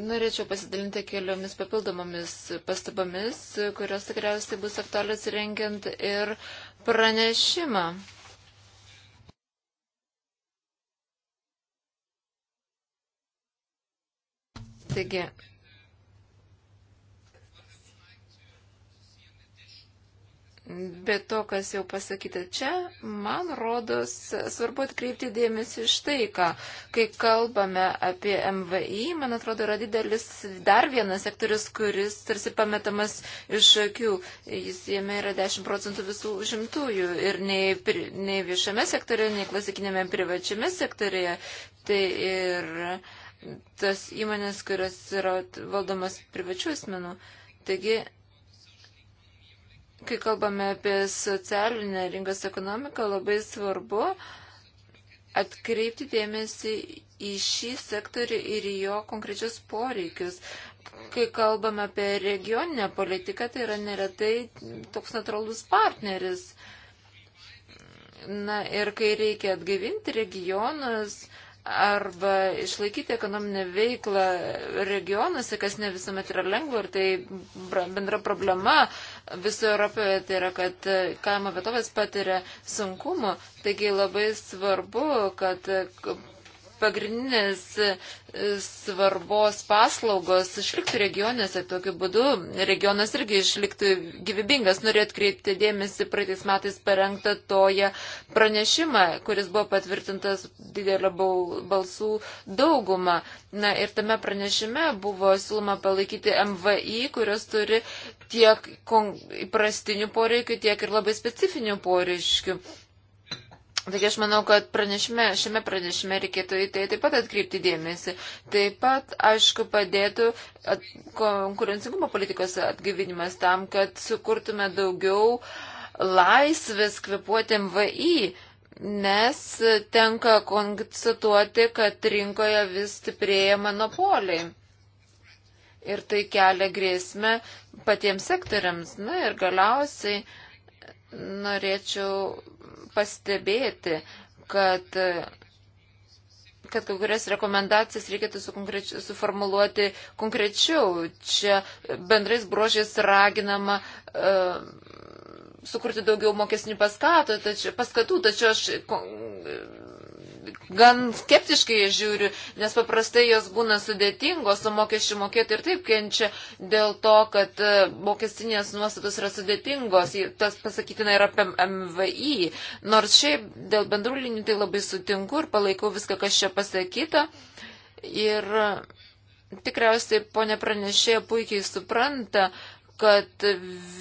Norėčiau pasidalinti keliomis papildomomis pastabomis, kurios tikriausiai bus aktualios rengiant ir pranešimą. Taigi, be to, kas jau pasakyta čia, man rodos svarbu atkreipti dėmesį iš tai, ką, kai kalbame apie MVI, man atrodo, yra didelis dar vienas sektorius, kuris tarsi pametamas iš akių. Jis jame yra 10 procentų visų žimtųjų ir nei, nei viešame sektorėje, nei klasikinėme privačiame sektorėje. Tai ir. Ir tas įmonės, kurios yra valdomas privačių asmenų. Taigi, kai kalbame apie socialinę rinkos ekonomiką, labai svarbu atkreipti dėmesį į šį sektorių ir į jo konkrečius poreikius. Kai kalbame apie regioninę politiką, tai yra neretai toks natūralus partneris. Na ir kai reikia atgaivinti regionus, arba išlaikyti ekonominę veiklą regionuose, kas ne visuomet yra lengva ir tai bendra problema visoje Europoje, tai yra, kad e, kaimo vietovės patiria sunkumu, taigi labai svarbu, kad pagrindinės e, svarbos paslaugos išliktų regionuose, tokiu būdu regionas irgi išliktų gyvybingas. Noriu atkreipti dėmesį praeitais metais parengtą toje pranešimą, kuris buvo patvirtintas didelio balsų daugumą. Na ir tame pranešime buvo siūloma palaikyti MVI, kurios turi tiek įprastinių poreikių, tiek ir labai specifinių poreikių. Taigi aš manau, kad pranešime, šiame pranešime reikėtų į tai taip pat atkreipti dėmesį. Taip pat, aišku, padėtų at, konkurencingumo politikos atgyvinimas tam, kad sukurtume daugiau laisvės kvepuoti MVI, nes tenka konstatuoti, kad rinkoje vis stiprėja monopoliai. Ir tai kelia grėsmę patiems sektoriams. Na ir galiausiai norėčiau pastebėti, kad kad kai kurias rekomendacijas reikėtų sukonkreč... suformuluoti konkrečiau. Čia bendrais brožiais raginama uh, sukurti daugiau mokesnių paskatų, tačiau, paskatų, tačiau aš gan skeptiškai jas žiūriu, nes paprastai jos būna sudėtingos, o mokesčių mokėtojai ir taip kenčia dėl to, kad e, mokestinės nuostatos yra sudėtingos. Tas pasakytina yra apie MVI. Nors šiaip dėl bendrų linijų tai labai sutinku ir palaikau viską, kas čia pasakyta. Ir e, tikriausiai ponė pranešėja puikiai supranta, kad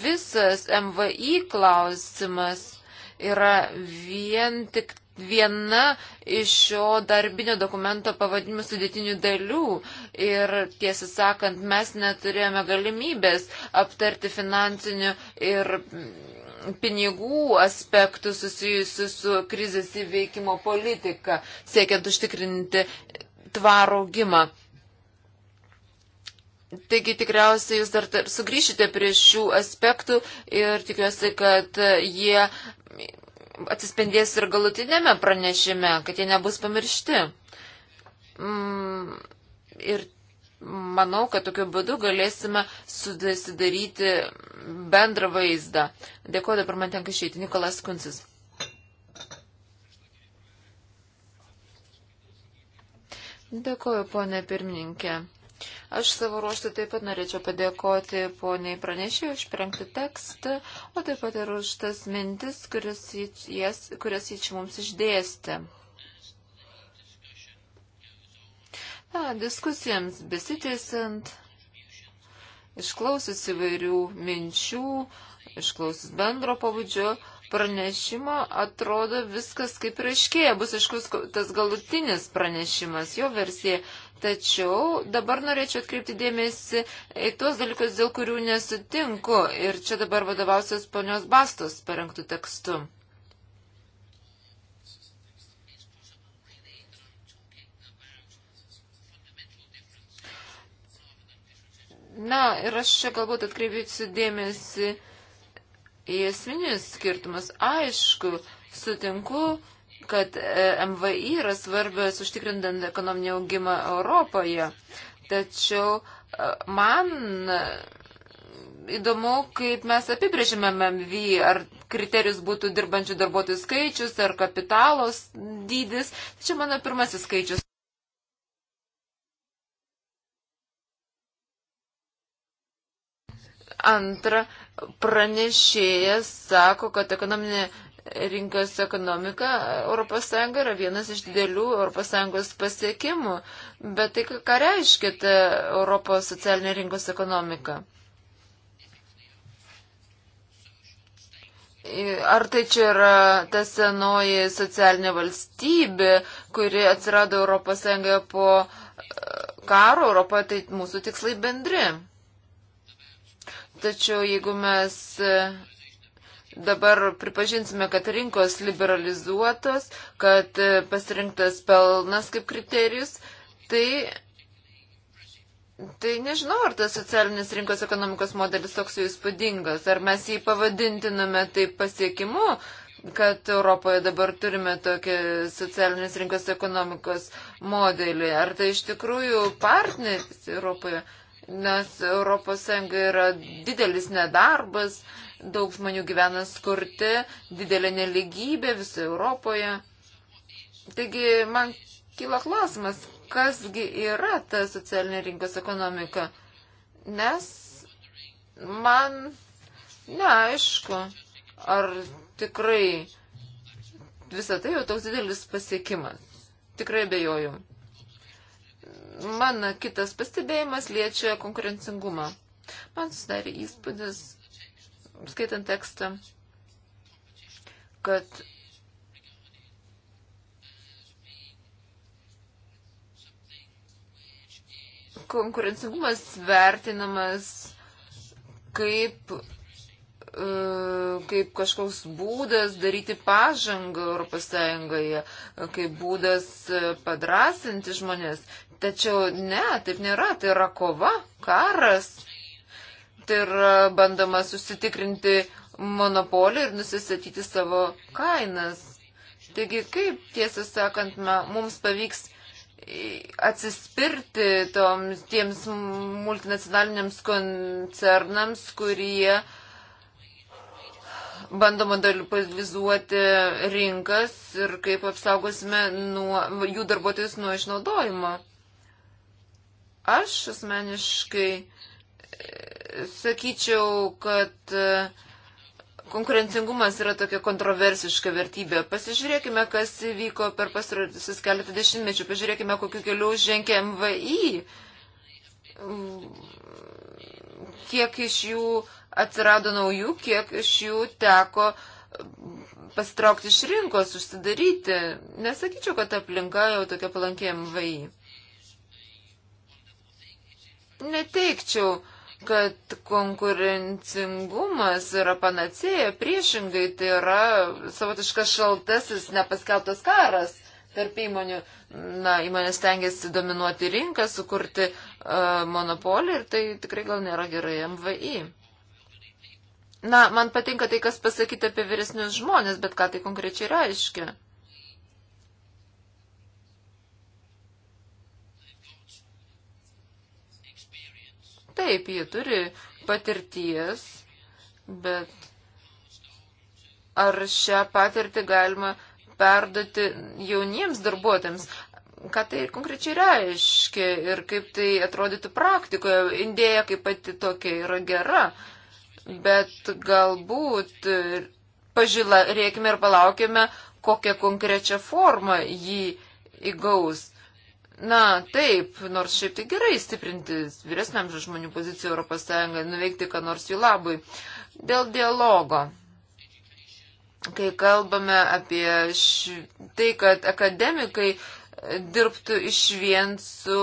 visas MVI klausimas yra vien tik viena iš šio darbinio dokumento pavadinimo sudėtinių dalių. Ir tiesą sakant, mes neturėjome galimybės aptarti finansinių ir pinigų aspektų susijusių su krizės įveikimo politika, siekiant užtikrinti tvarų augimą. Taigi tikriausiai jūs dar sugrįšite prie šių aspektų ir tikiuosi, kad jie atsispindės ir galutinėme pranešime, kad jie nebus pamiršti. Mm, ir manau, kad tokiu būdu galėsime sudaryti bendrą vaizdą. Dėkuoju, dabar man tenka išeiti. Nikolas Kuncis. Dėkuoju, ponė pirmininkė. Aš savo ruoštų taip pat norėčiau padėkoti poniai pranešėjai už prengtą tekstą, o taip pat ir už tas mintis, kurias jis, kurias jis čia mums išdėstė. Na, diskusijams besitėsiant, išklausus įvairių minčių, išklausus bendro pavudžio, pranešimo atrodo viskas kaip ir aiškėja, bus aiškus tas galutinis pranešimas, jo versija. Tačiau dabar norėčiau atkreipti dėmesį į tuos dalykus, dėl kurių nesutinku. Ir čia dabar vadovausios ponios Bastos parengtų tekstų. Na, ir aš čia galbūt atkreipiu dėmesį į esminius skirtumus. Aišku, sutinku kad e, MVI yra svarbios užtikrindant ekonominį augimą Europoje. Tačiau e, man e, įdomu, kaip mes apibrėžime MMV, ar kriterijus būtų dirbančių darbuotojų skaičius, ar kapitalos dydis. Čia mano pirmasis skaičius. Antra, pranešėjas sako, kad ekonominė rinkos ekonomika ES yra vienas iš didelių ES pasiekimų. Bet tai ką reiškia ta Europos socialinė rinkos ekonomika? Ar tai čia yra ta senoji socialinė valstybė, kuri atsirado ES po e, karo Europoje, tai mūsų tikslai bendri. Tačiau jeigu mes e, dabar pripažinsime, kad rinkos liberalizuotos, kad e, pasirinktas pelnas kaip kriterijus, tai, tai nežinau, ar tas socialinis rinkos ekonomikos modelis toks jau įspūdingas, ar mes jį pavadintiname taip pasiekimu, kad Europoje dabar turime tokį socialinės rinkos ekonomikos modelį. Ar tai iš tikrųjų partneris Europoje? nes ES yra didelis nedarbas, daug žmonių gyvena skurti, didelė neligybė visoje Europoje. Taigi man kyla klausimas, kasgi yra ta socialinė rinkos ekonomika, nes man neaišku, ar tikrai visą tai jau toks didelis pasiekimas. Tikrai bejoju. Mano kitas pastebėjimas liečia konkurencingumą. Man susidarė įspūdis, skaitant tekstą, kad konkurencingumas vertinamas kaip, e, kaip kažkoks būdas daryti pažangą Europos Sąjungoje, kaip būdas e, padrasinti žmonės. Tačiau ne, taip nėra, tai yra kova, karas. Tai yra bandoma susitikrinti monopolį ir nusistatyti savo kainas. Taigi kaip, tiesą sakant, mums pavyks atsispirti toms, tiems multinacionaliniams koncernams, kurie bando monopolizuoti rinkas ir kaip apsaugosime nuo, jų darbuotojus nuo išnaudojimo. Aš asmeniškai e, sakyčiau, kad e, konkurencingumas yra tokia kontroversiška vertybė. Pasižiūrėkime, kas vyko per pastarusius keletą dešimtmečių, pažiūrėkime, kokiu keliu žengia MVI, kiek iš jų atsirado naujų, kiek iš jų teko pasitraukti iš rinkos, užsidaryti. Nesakyčiau, kad aplinka jau tokia palankė MVI neteikčiau, kad konkurencingumas yra panacėja, priešingai tai yra savotiškas šaltasis nepaskeltas karas tarp įmonių. Na, įmonės tengiasi dominuoti rinką, sukurti uh, monopolį ir tai tikrai gal nėra gerai MVI. Na, man patinka tai, kas pasakyti apie vyresnius žmonės, bet ką tai konkrečiai reiškia. Taip, jie turi patirties, bet ar šią patirtį galima perduoti jauniems darbuotėms? Ką tai konkrečiai reiškia ir kaip tai atrodytų praktikoje? Indėja kaip pati tokia yra gera, bet galbūt pažila, reikime ir palaukime, kokią konkrečią formą jį įgaus. Na, taip, nors šiaip tai gerai stiprinti vyresniam žmonių poziciją Europos Sąjungą, nuveikti, ką nors jų labui. Dėl dialogo. Kai kalbame apie š... tai, kad akademikai dirbtų iš vien su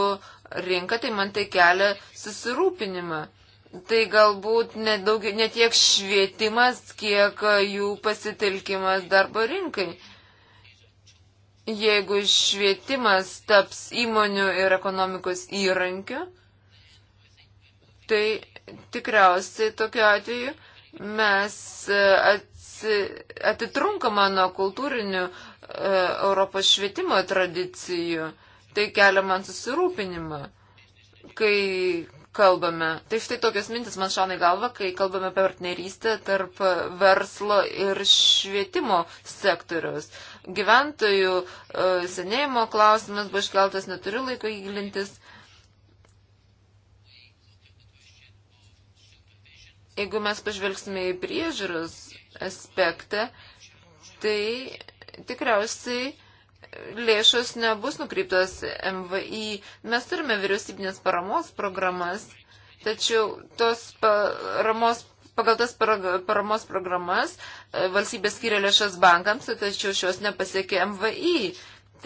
rinka, tai man tai kelia susirūpinimą. Tai galbūt netiek ne, ne švietimas, kiek jų pasitelkimas darbo rinkai. Jeigu švietimas taps įmonių ir ekonomikos įrankiu, tai tikriausiai tokiu atveju mes e, atitrunkama nuo kultūrinių e, Europos švietimo tradicijų. Tai kelia man susirūpinimą, kai kalbame. Tai štai tokios mintis man šauna į galvą, kai kalbame apie partnerystę tarp verslo ir švietimo sektoriaus. Uh, gyventojų e, senėjimo klausimas buvo iškeltas, neturiu laiko įgilintis. Jeigu mes pažvelgsime į priežiūros aspektą, tai tikriausiai lėšos nebus nukreiptos MVI. Mes turime vyriausybinės paramos programas, tačiau tos paramos pagal tas paramos programas e, valstybės skiria lėšas bankams, tačiau šios nepasiekė MVI.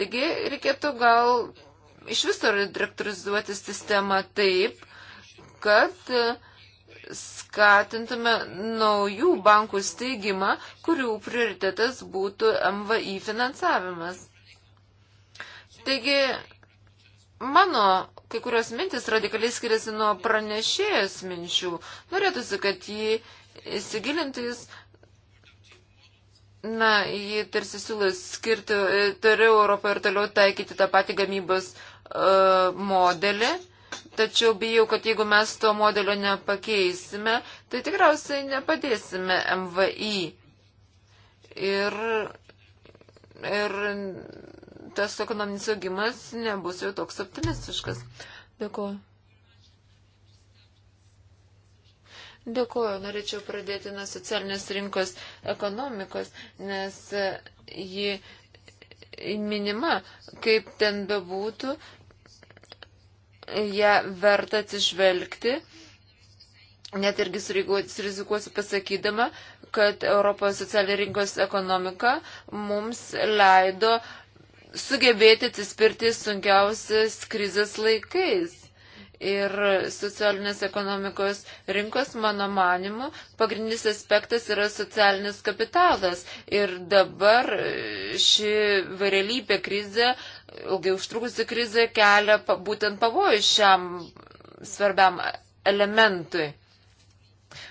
Taigi reikėtų gal iš viso direktorizuoti sistemą taip, kad e, skatintume naujų bankų steigimą, kurių prioritetas būtų MVI finansavimas. Taigi, mano kai kurios mintis radikaliai skiriasi nuo pranešėjos minčių. Norėtųsi, kad jį įsigilintų jis. Na, jį tarsi siūlo skirti, e, turiu Europą ir toliau taikyti tą patį gamybos uh, modelį. Tačiau bijau, kad jeigu mes to modelio nepakeisime, tai tikriausiai nepadėsime MVI. Ir, ir tas ekonominis augimas nebus jau toks optimistiškas. Dėkuoju. Dėkuoju, norėčiau pradėti nuo socialinės rinkos ekonomikos, nes e, ji minima, kaip ten bebūtų, ją verta atsižvelgti, net irgi surizikuosiu pasakydama, kad Europos socialinė rinkos ekonomika mums leido sugebėti atsispirti sunkiausias krizės laikais. Ir socialinės ekonomikos rinkos, mano manimu, pagrindinis aspektas yra socialinis kapitalas. Ir dabar ši varelypė krizė, ilgai užtrukusi krizė, kelia būtent pavojų šiam svarbiam elementui.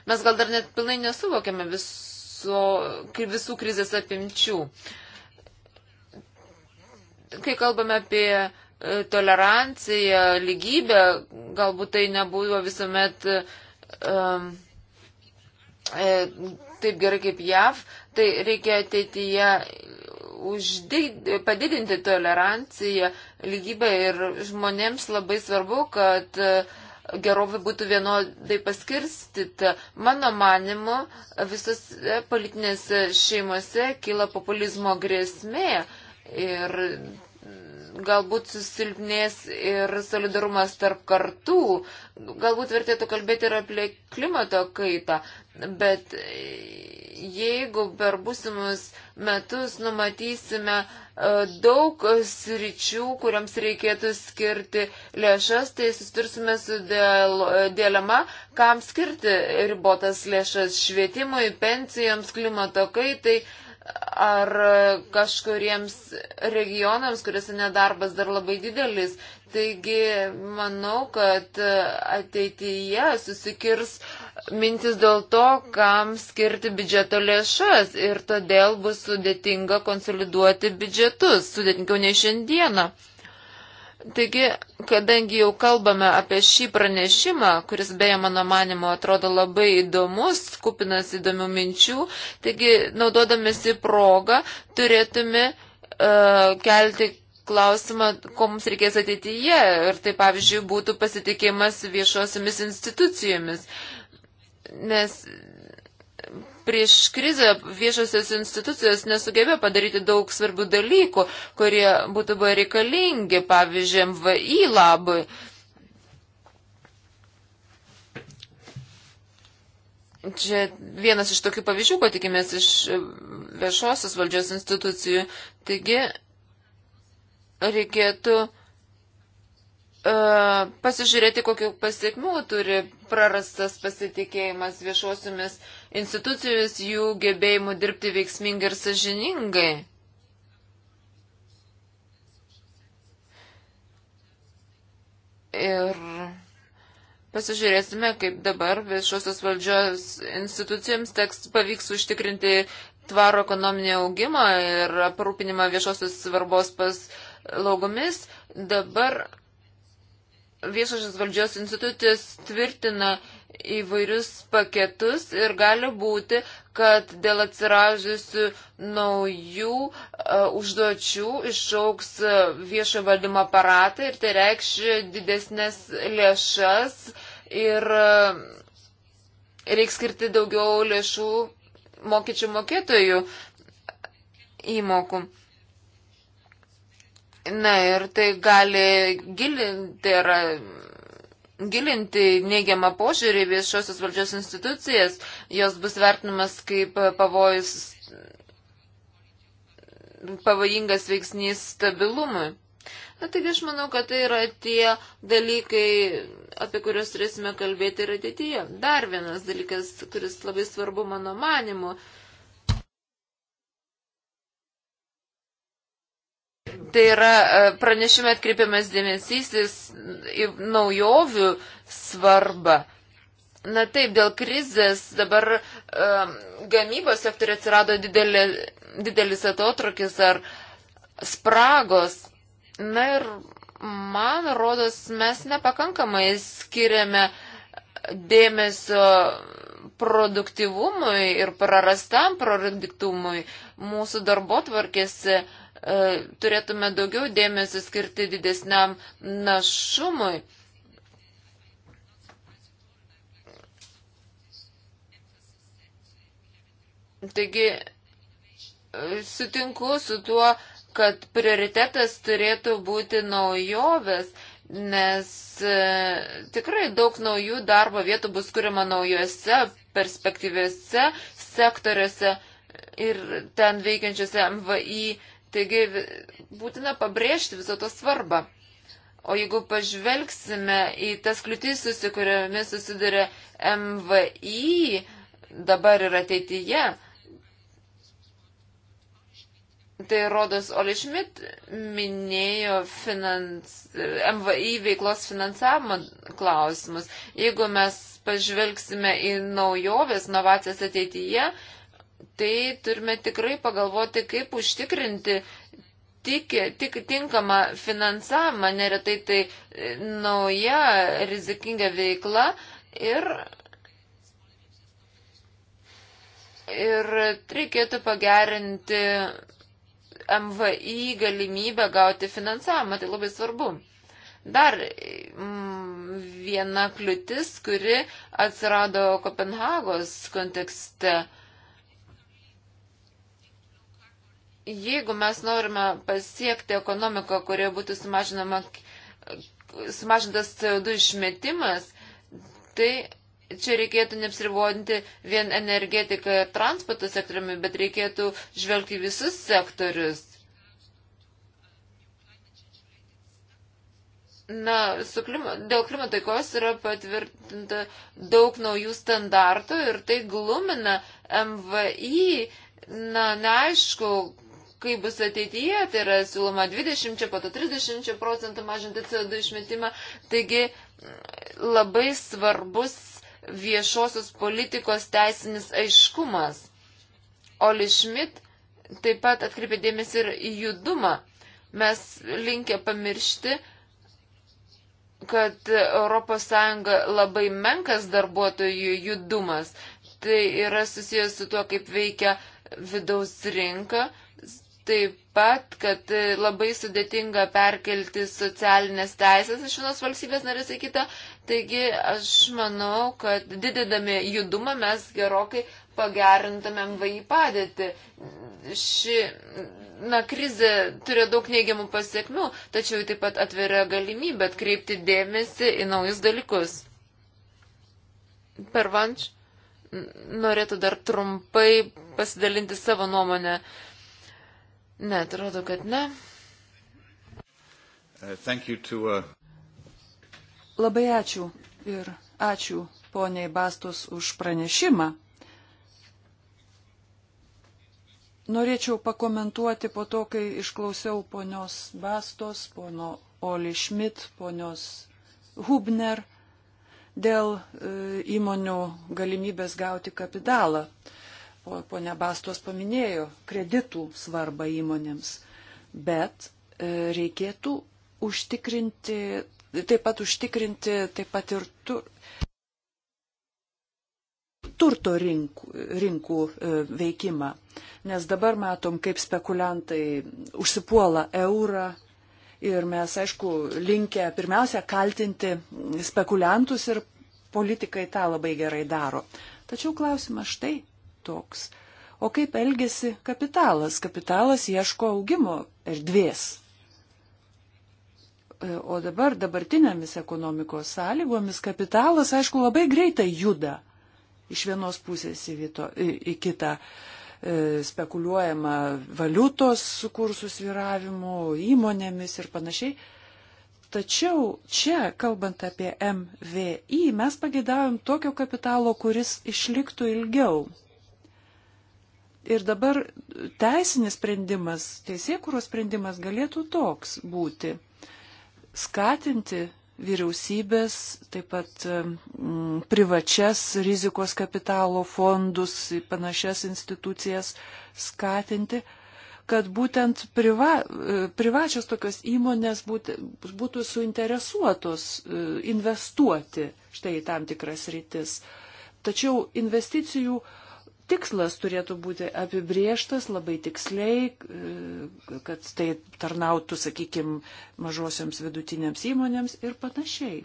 Mes gal dar net pilnai nesuvokiame viso, visų krizės apimčių. Uh, kai kalbame apie e, toleranciją, lygybę, galbūt tai nebuvo visuomet um, e, taip gerai kaip JAV, tai reikia ateityje uždid, padidinti toleranciją, lygybę ir žmonėms labai svarbu, kad uh, gerovė būtų vienodai paskirstita. Mano manimu, visose politinėse šeimose kyla populizmo grėsmė. Uh, Ir galbūt susilpnės ir solidarumas tarp kartų, galbūt vertėtų kalbėti ir apie klimato kaitą, bet jeigu per būsimus metus numatysime e, daug sričių, kuriams reikėtų skirti lėšas, tai susidursime su e, dilema, kam skirti ribotas lėšas švietimui, pensijoms, klimato kaitai. Tai ar kažkuriems regionams, kuriuose nedarbas dar labai didelis. Taigi, manau, kad ateityje susikirs mintis dėl to, kam skirti biudžeto lėšas ir todėl bus sudėtinga konsoliduoti biudžetus, sudėtingiau nei šiandieną. Taigi, kadangi jau kalbame apie šį pranešimą, kuris beje mano manimo atrodo labai įdomus, kupinas įdomių minčių, taigi naudodamėsi progą turėtume uh, kelti klausimą, ko mums reikės ateityje. Ir tai, pavyzdžiui, būtų pasitikėjimas viešosiamis institucijomis. Nes prieš krizę viešosios institucijos nesugebėjo padaryti daug svarbių dalykų, kurie būtų buvo reikalingi, pavyzdžiui, MVI labai. Čia vienas iš tokių pavyzdžių, ko tikimės iš viešosios valdžios institucijų. Taigi reikėtų E, pasižiūrėti, kokiu pasiekmiu turi prarastas pasitikėjimas viešuosiomis institucijomis, jų gebėjimu dirbti veiksmingai ir sažiningai. Ir pasižiūrėsime, kaip dabar viešosios valdžios institucijoms teks pavyks užtikrinti tvaro ekonominį augimą ir aprūpinimą viešosios svarbos paslaugomis. Dabar viešosios valdžios institucijos tvirtina įvairius paketus ir gali būti, kad dėl atsiražusių naujų uh, užduočių išauks e, viešo valdymo aparatai ir tai reikš didesnės lėšas ir uh, e, reiks skirti daugiau lėšų mokyčių mokėtojų įmokų. Na ir tai gali gilinti ar gilinti neigiamą požiūrį viešosios valdžios institucijas, jos bus vertinamas kaip pavojus, pavojingas veiksnys stabilumui. Na taigi aš manau, kad tai yra tie dalykai, apie kuriuos turėsime kalbėti ir ateityje. Dar vienas dalykas, kuris labai svarbu mano manimu, Tai yra e, pranešime atkreipiamas dėmesys į naujovių svarbą. Na taip, dėl krizės dabar um, gamybos sektoriu atsirado didelė, didelis atotrukis ar spragos. Na ir man rodos, mes nepakankamai skiriame dėmesio produktivumui ir prarastam produktivumui mūsų darbo tvarkėsi. Uh, E, turėtume daugiau dėmesio skirti didesniam našumui. Taigi, e, sutinku su tuo, kad prioritetas turėtų būti naujovės, nes e, tikrai daug naujų darbo vietų bus kuriama naujose, perspektyviuose sektoriuose ir ten veikiančiose MVI Taigi būtina pabrėžti viso to svarbą. O jeigu pažvelgsime į tas kliūtis, su kuriomis susiduria MVI dabar ir ateityje, tai rodos Oli Šmit minėjo finans, MVI veiklos finansavimo klausimus. Jeigu mes pažvelgsime į naujoves, novacijas ateityje, tai turime tikrai pagalvoti, kaip užtikrinti tik, tik tinkamą finansavimą, neretai tai e, nauja rizikinga veikla ir, ir reikėtų pagerinti MVI galimybę gauti finansavimą, tai labai svarbu. Dar mm, viena kliūtis, kuri atsirado Kopenhagos kontekste jeigu mes norime pasiekti ekonomiką, kurioje būtų sumažintas CO2 išmetimas, tai čia reikėtų neapsiribodinti vien energetiką ir transporto sektoriumi, bet reikėtų žvelgti visus sektorius. Na, klima, dėl klimato taikos yra patvirtinta daug naujų standartų ir tai glumina MVI. Na, neaišku, kaip bus ateityje, tai yra siūloma 20, po to 30 procentų mažinti CO2 išmetimą. Taigi mm, labai svarbus viešosios politikos teisinis aiškumas. Oli Schmidt taip pat atkreipė dėmesį ir į judumą. Mes linkę pamiršti, kad ES labai menkas darbuotojų judumas. Tai yra susijęs su tuo, kaip veikia vidaus rinka, taip pat, kad e, labai sudėtinga perkelti socialinės teisės iš vienos valstybės narės į kitą. Taigi aš manau, kad didindami judumą mes gerokai pagerintumėm VAI padėtį. Ši na, krizė turi daug neigiamų pasiekmių, tačiau taip pat atveria galimybę atkreipti dėmesį į naujus dalykus. Per vanč norėtų dar trumpai pasidalinti savo nuomonę. Uh, Ne, atrodo, kad ne. Uh, to, uh... Labai ačiū ir ačiū poniai Bastos už pranešimą. Norėčiau pakomentuoti po to, kai išklausiau ponios Bastos, pono Oli Šmit, ponios Hubner dėl e, įmonių galimybės gauti kapitalą ponia Bastos paminėjo kreditų svarbą įmonėms, bet e, reikėtų užtikrinti, taip pat užtikrinti taip pat ir tur, turto rinkų, rinkų e, veikimą. Nes dabar matom, kaip spekuliantai užsipuola eurą, ir mes, aišku, linkę pirmiausia kaltinti spekuliantus ir politikai tą labai gerai daro. Tačiau klausimas štai, toks. O kaip elgesi kapitalas? Kapitalas ieško augimo erdvės. E, o dabar dabartinėmis ekonomikos sąlygomis kapitalas, aišku, labai greitai juda iš vienos pusės į, vito, į, į kitą e, spekuliuojama valiutos kursų sviravimu, įmonėmis ir panašiai. Tačiau čia, kalbant apie MVI, mes pageidavom tokio kapitalo, kuris išliktų ilgiau. Ir dabar teisinis sprendimas, teisėkūros sprendimas galėtų toks būti - skatinti vyriausybės, taip pat m, privačias rizikos kapitalo fondus, panašias institucijas skatinti, kad būtent priva, e, privačios tokios įmonės būtų, būtų suinteresuotos e, investuoti štai į tam tikras rytis. Tačiau investicijų uh, tikslas turėtų būti apibrieštas labai tiksliai, e, kad tai tarnautų, sakykime, mažosioms vidutinėms įmonėms ir panašiai.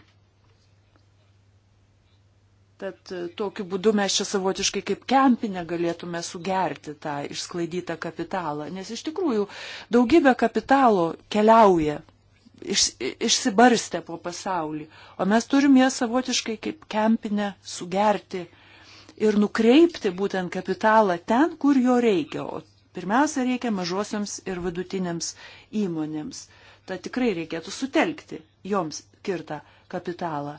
Tad e, tokiu būdu mes čia savotiškai kaip kempinę galėtume sugerti tą išsklaidytą kapitalą, nes iš tikrųjų daugybė kapitalo keliauja iš, išsibarstę po pasaulį, o mes turim ją savotiškai kaip kempinę sugerti ir nukreipti būtent kapitalą ten, kur jo reikia. O pirmiausia, reikia mažosiams ir vidutiniams įmonėms. Tad tikrai reikėtų sutelkti joms skirtą kapitalą.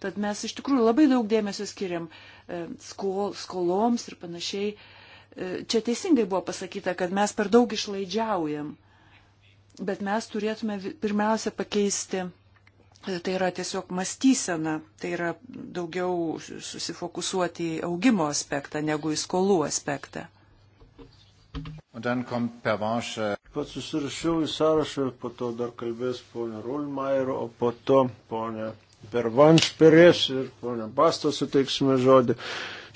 Tad mes iš tikrųjų labai daug dėmesio skiriam e, skol, skoloms ir panašiai. E, čia teisingai buvo pasakyta, kad mes per daug išlaidžiaujam, bet mes turėtume pirmiausia pakeisti Tai yra tiesiog mąstysena, tai yra daugiau susifokusuoti į augimo aspektą negu į skolų aspektą. E, Pats susirašiau į sąrašą, po to dar kalbės ponė Rulmair, o po to ponė Pervanš Perės ir ponė Bastos suteiksime žodį.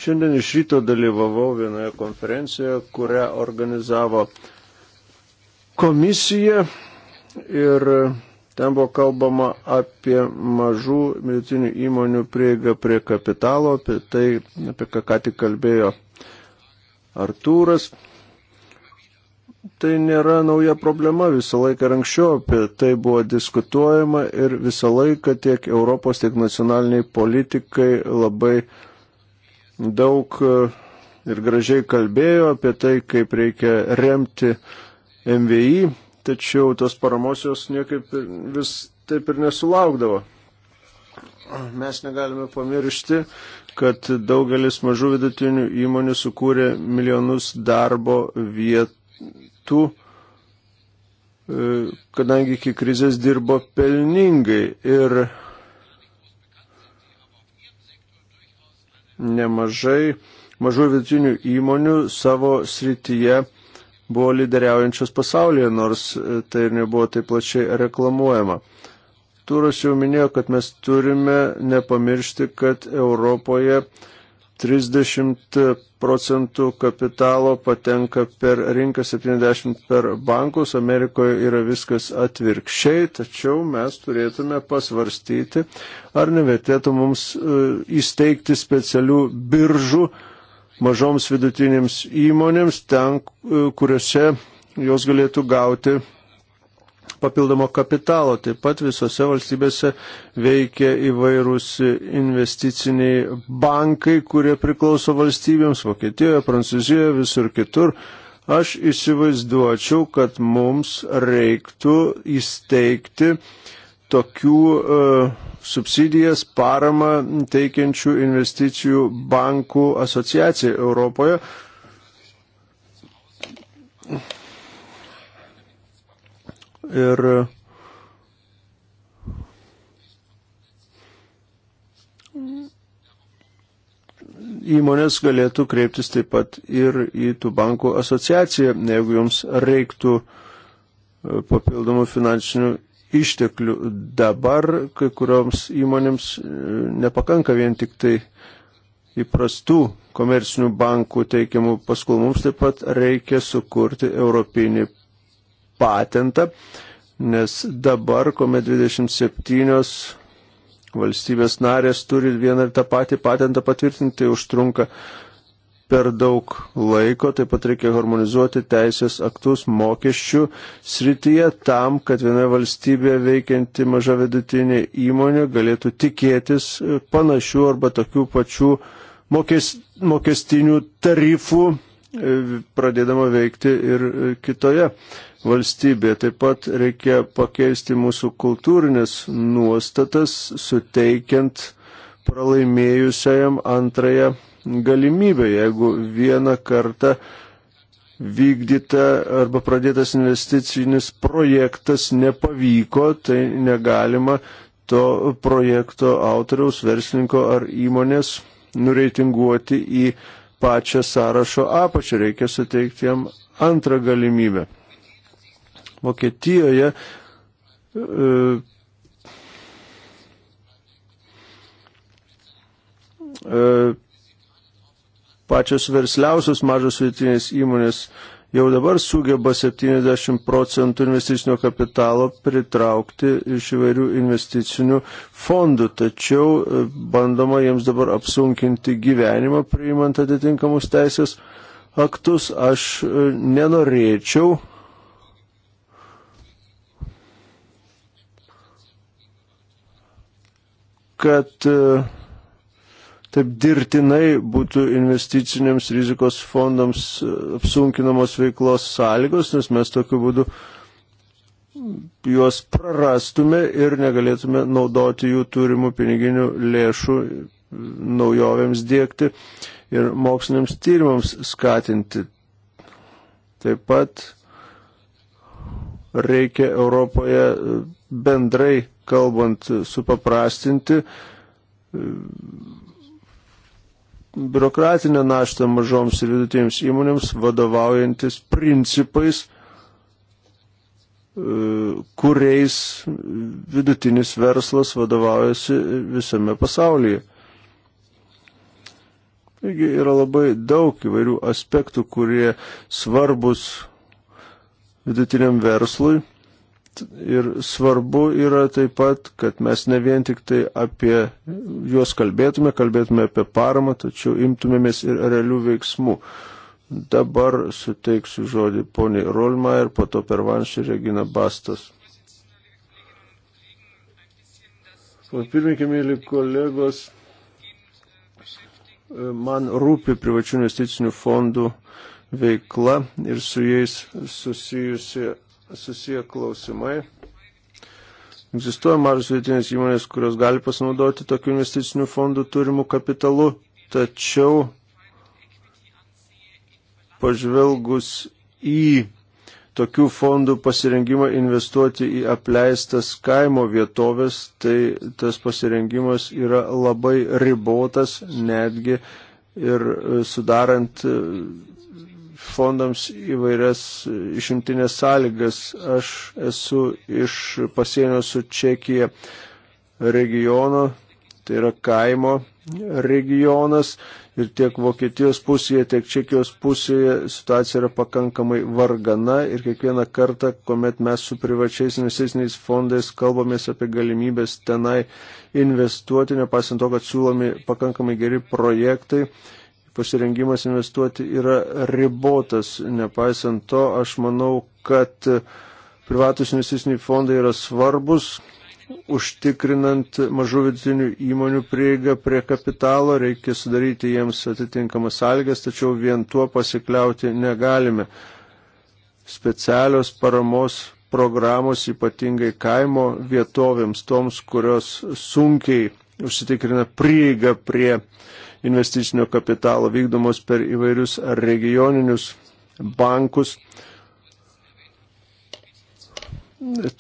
Šiandien iš ryto dalyvavau vienoje konferencijoje, kurią organizavo komisija ir Ten buvo kalbama apie mažų medicinių įmonių prieigą prie kapitalo, apie tai, apie ką ką tik kalbėjo Artūras. Tai nėra nauja problema, visą laiką ir anksčiau apie tai buvo diskutuojama ir visą laiką tiek Europos, tiek nacionaliniai politikai labai daug e, ir gražiai kalbėjo apie tai, kaip reikia remti MVI tačiau tos paramos jos niekaip vis taip ir nesulaukdavo. Mes negalime pamiršti, kad daugelis mažų vidutinių įmonių sukūrė milijonus darbo vietų, e, kadangi iki krizės dirbo pelningai ir nemažai mažų vidutinių įmonių savo srityje buvo lyderiaujančios pasaulyje, nors e, tai ir nebuvo taip plačiai reklamuojama. Turas jau minėjo, kad mes turime nepamiršti, kad Europoje 30 procentų kapitalo patenka per rinką, 70 per bankus, Amerikoje yra viskas atvirkščiai, tačiau mes turėtume pasvarstyti, ar nevertėtų mums e, įsteigti specialių biržų, mažoms vidutinėms įmonėms ten, e, kuriuose jos galėtų gauti papildomo kapitalo. Taip pat visose valstybėse veikia įvairūs investiciniai bankai, kurie priklauso valstybėms - Vokietijoje, Prancūzijoje, visur kitur. Aš įsivaizduočiau, kad mums reiktų įsteigti tokių uh, subsidijas paramą teikiančių investicijų bankų asociacija Europoje. Ir įmonės galėtų kreiptis taip pat ir į tų bankų asociaciją, jeigu joms reiktų e, papildomų finansinių išteklių. Dabar kai kurioms įmonėms e, nepakanka vien tik tai įprastų komercinių bankų teikiamų paskolų. Mums taip pat reikia sukurti europinį patentą, nes dabar, kuomet 27 valstybės narės turi vieną ir tą patį patentą patvirtinti, užtrunka per daug laiko, taip pat reikia harmonizuoti teisės aktus mokesčių srityje tam, kad viena valstybė veikianti maža vidutinė įmonė galėtų tikėtis panašių arba tokių pačių mokes, mokestinių tarifų e, pradėdama veikti ir kitoje valstybėje. Taip pat reikia pakeisti mūsų kultūrinės nuostatas, suteikiant pralaimėjusiajam antrąją galimybė, jeigu vieną kartą vykdyta arba pradėtas investicinis projektas nepavyko, tai negalima to projekto autoriaus, verslininko ar įmonės nureitinguoti į pačią sąrašo apačią. Reikia suteikti jam antrą galimybę. Vokietijoje e, e, pačios versliausios mažos vietinės įmonės jau dabar sugeba 70 procentų investicinio kapitalo pritraukti iš įvairių investicinių fondų, tačiau e, bandoma jiems dabar apsunkinti gyvenimą priimant atitinkamus teisės aktus. Aš e, nenorėčiau. kad uh, taip dirtinai būtų investiciniams rizikos fondams e, apsunkinamos veiklos sąlygos, nes mes tokiu būdu juos prarastume ir negalėtume naudoti jų turimų piniginių lėšų naujovėms dėkti ir moksliniams tyrimams skatinti. Taip pat reikia Europoje e, bendrai kalbant supaprastinti e, biurokratinę naštą mažoms ir vidutinėms įmonėms vadovaujantis principais, e, kuriais vidutinis verslas vadovaujasi visame pasaulyje. Taigi yra labai daug įvairių aspektų, kurie svarbus vidutiniam verslui Ir svarbu yra taip pat, kad mes ne vien tik tai apie juos kalbėtume, kalbėtume apie paramą, tačiau imtumėmės ir realių veiksmų. Dabar suteiksiu žodį poniai Rolmaier, po to per Vanšį Regina Bastas. Pirmininkė, mėly kolegos, man rūpi privačių investicinių fondų veikla ir su jais susijusi susiję klausimai. Egzistuoja mažos vietinės įmonės, kurios gali pasinaudoti tokių investicinių fondų turimų kapitalų, tačiau pažvelgus į tokių fondų pasirengimą investuoti į apleistas kaimo vietovės, tai tas pasirengimas yra labai ribotas netgi ir e, sudarant e, fondams įvairias išimtinės sąlygas. Aš esu iš pasienio su Čekija regiono, tai yra kaimo regionas ir tiek Vokietijos pusėje, tiek Čekijos pusėje situacija yra pakankamai vargana ir kiekvieną kartą, kuomet mes su privačiais investiciniais fondais kalbamės apie galimybės tenai investuoti, nepaisant to, kad siūlomi pakankamai geri projektai, pasirengimas investuoti yra ribotas. Nepaisant to, aš manau, kad privatus investiciniai fondai yra svarbus, užtikrinant mažų vidutinių įmonių prieigą prie kapitalo, reikia sudaryti jiems atitinkamas sąlygas, tačiau vien tuo pasikliauti negalime. Specialios paramos programos ypatingai kaimo vietovėms, toms, kurios sunkiai užsitikrina prieigą prie investicinio kapitalo vykdomos per įvairius regioninius bankus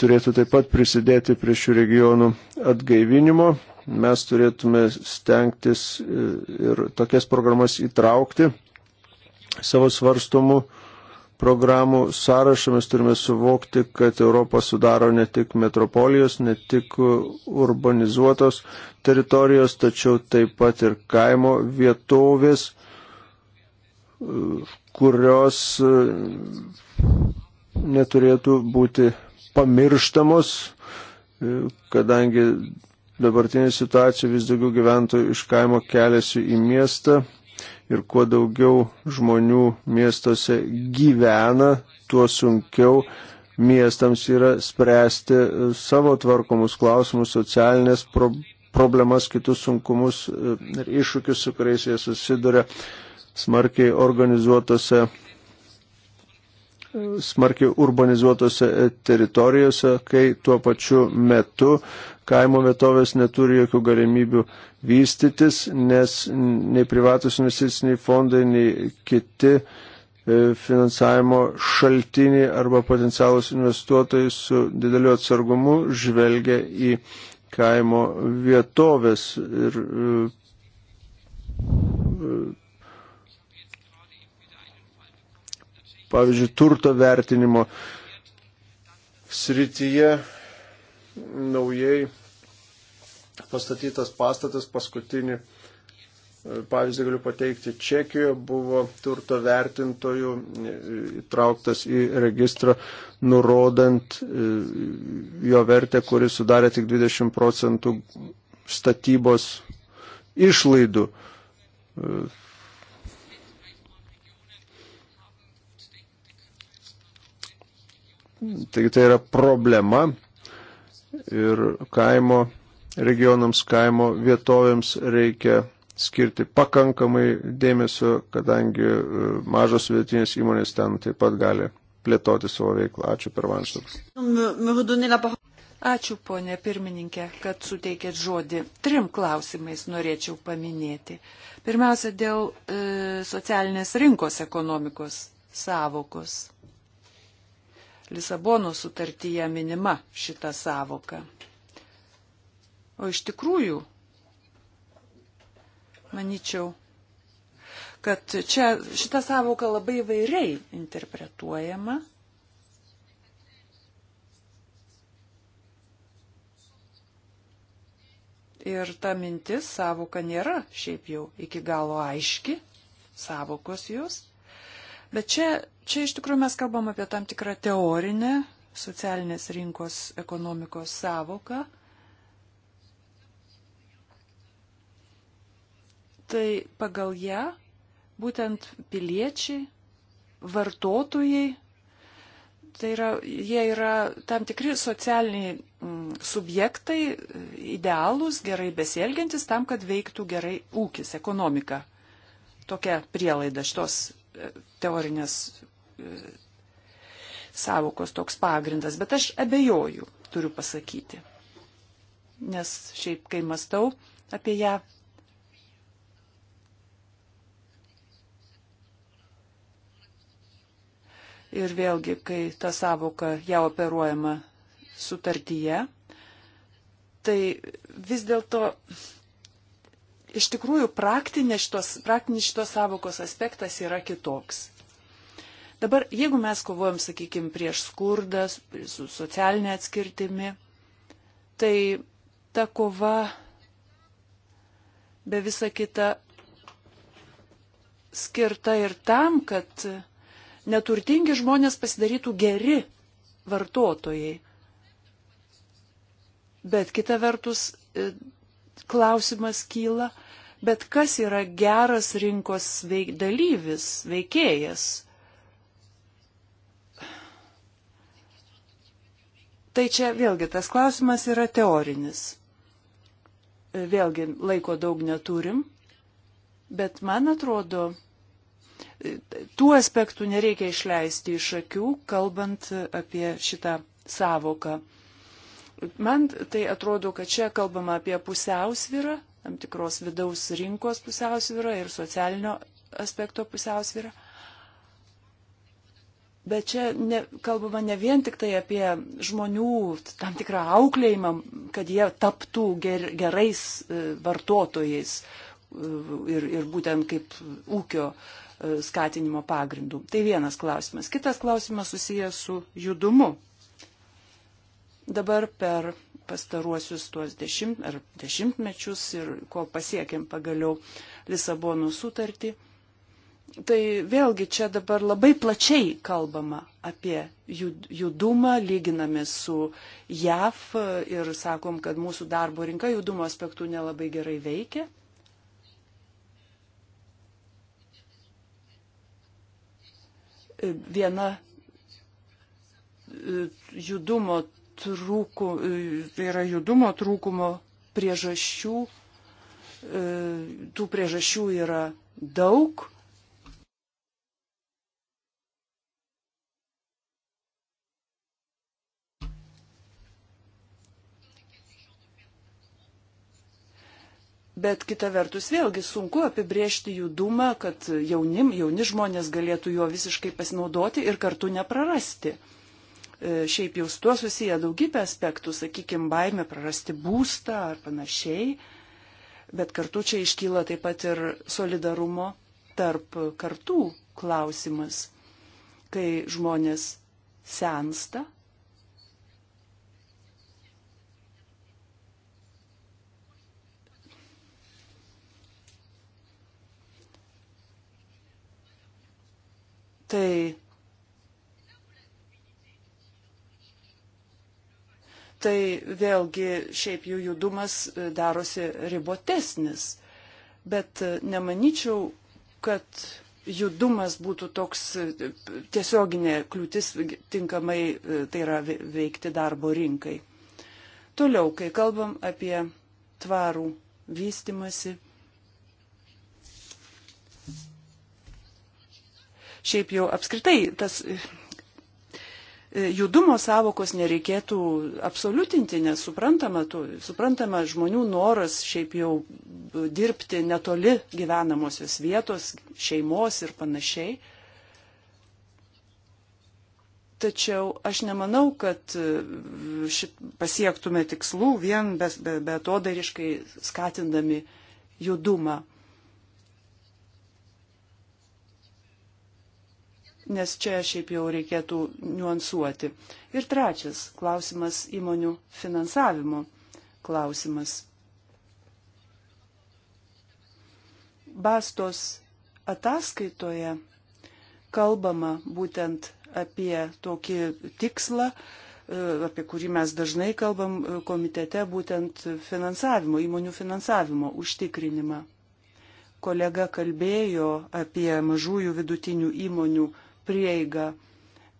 turėtų taip pat prisidėti prie šių regionų atgaivinimo. Mes turėtume stengtis e, ir tokias programas įtraukti savo svarstomų programų sąrašą mes turime suvokti, kad Europą sudaro ne tik metropolijos, ne tik urbanizuotos teritorijos, tačiau taip pat ir kaimo vietovės, kurios e, neturėtų būti pamirštamos, e, kadangi dabartinė situacija vis daugiau gyventojų iš kaimo keliasi į miestą, ir kuo daugiau žmonių miestuose gyvena, tuo sunkiau miestams yra spręsti savo tvarkomus klausimus, socialinės pro problemas, kitus sunkumus e, ir iššūkius, su kuriais jie susiduria smarkiai organizuotose e, smarkiai urbanizuotose teritorijose, kai tuo pačiu metu kaimo vietovės neturi jokių galimybių vystytis, nes nei privatus investiciniai fondai, nei kiti e, finansavimo šaltiniai arba potencialus investuotojai su dideliu atsargumu žvelgia į kaimo vietovės ir e, e, pavyzdžiui turto vertinimo srityje naujai pastatytas pastatas paskutinį. E, pavyzdį galiu pateikti, Čekijoje buvo turto vertintojų e, įtrauktas į registrą, nurodant e, jo vertę, kuris sudarė tik 20 procentų statybos išlaidų. Taigi tai yra problema, ir kaimo regionams, kaimo vietovėms reikia skirti pakankamai dėmesio, kadangi e, mažos vidutinės įmonės ten taip pat gali plėtoti savo veiklą. Ačiū per vanštą. Ačiū, ponė pirmininkė, kad suteikėt žodį. Trim klausimais norėčiau paminėti. Pirmiausia, dėl e, socialinės rinkos ekonomikos savokos. Lisabono sutartyje minima šita savoka. O iš tikrųjų, manyčiau, kad čia šita savoka labai vairiai interpretuojama. Ir ta mintis savoka nėra šiaip jau iki galo aiški, savokos jos. Bet čia Čia iš tikrųjų mes kalbam apie tam tikrą teorinę socialinės rinkos ekonomikos savoką. Tai pagal ją būtent piliečiai, vartotojai, tai yra, jie yra tam tikri socialiniai mm, subjektai, idealūs, gerai besielgiantis tam, kad veiktų gerai ūkis, ekonomika. Tokia prielaida šitos e, teorinės E, savokos toks pagrindas, bet aš abejoju, turiu pasakyti. Nes šiaip, kai mastau apie ją, Ir vėlgi, kai ta savoka jau operuojama sutartyje, tai vis dėlto iš tikrųjų praktinis šitos, praktinis šitos savokos aspektas yra kitoks. Dabar, jeigu mes kovojam, sakykime, prieš skurdas, su socialinė atskirtimi, tai ta kova be visa kita skirta ir tam, kad neturtingi žmonės pasidarytų geri vartotojai. Bet kita vertus, e, klausimas kyla, bet kas yra geras rinkos veik, dalyvis, veikėjas? Tai čia vėlgi tas klausimas yra teorinis. E, vėlgi laiko daug neturim, bet man atrodo, e, tų aspektų nereikia išleisti iš akių, kalbant apie šitą savoką. Man tai atrodo, kad čia kalbama apie pusiausvyrą, tam tikros vidaus rinkos pusiausvyrą ir socialinio aspekto pusiausvyrą. Bet čia ne, kalbama ne vien tik tai apie žmonių tam tikrą auklėjimą, kad jie taptų ger, gerais e, vartotojais e, ir, ir būtent kaip ūkio e, skatinimo pagrindų. Tai vienas klausimas. Kitas klausimas susijęs su judumu. Dabar per pastaruosius tuos dešimt, ar dešimtmečius ir ko pasiekėm pagaliau Lisabono sutartį Tai vėlgi čia dabar labai plačiai kalbama apie judumą, lyginami su JAV ir sakom, kad mūsų darbo rinka judumo aspektų nelabai gerai veikia. Viena e, judumo, trūku, e, tai yra judumo trūkumo priežasčių, e, tų priežasčių yra daug Bet kita vertus, vėlgi sunku apibriežti judumą, kad jaunim, jauni žmonės galėtų juo visiškai pasinaudoti ir kartu neprarasti. E, šiaip jau su tuo susiję daugybė aspektų, sakykime, baime prarasti būstą ar panašiai, bet kartu čia iškyla taip pat ir solidarumo tarp kartų klausimas, kai žmonės sensta tai, tai vėlgi šiaip jų judumas e, darosi ribotesnis. Bet e, nemanyčiau, kad judumas būtų toks e, tiesioginė kliūtis tinkamai, tai yra veikti darbo rinkai. Toliau, kai kalbam apie tvarų vystimasi, šiaip jau apskritai tas e, e, judumo savokos nereikėtų absoliutinti, nes suprantama, tu, suprantama žmonių noras šiaip jau dirbti netoli gyvenamosios vietos, šeimos ir panašiai. Tačiau aš nemanau, kad e, šit, pasiektume tikslų vien betodariškai be, be skatindami judumą. nes čia šiaip jau reikėtų niuansuoti. Ir trečias klausimas - įmonių finansavimo klausimas. Bastos ataskaitoje kalbama būtent apie tokį tikslą, e, apie kurį mes dažnai kalbam e, komitete, būtent finansavimo, įmonių finansavimo užtikrinimą. Kolega kalbėjo apie mažųjų vidutinių įmonių prieigą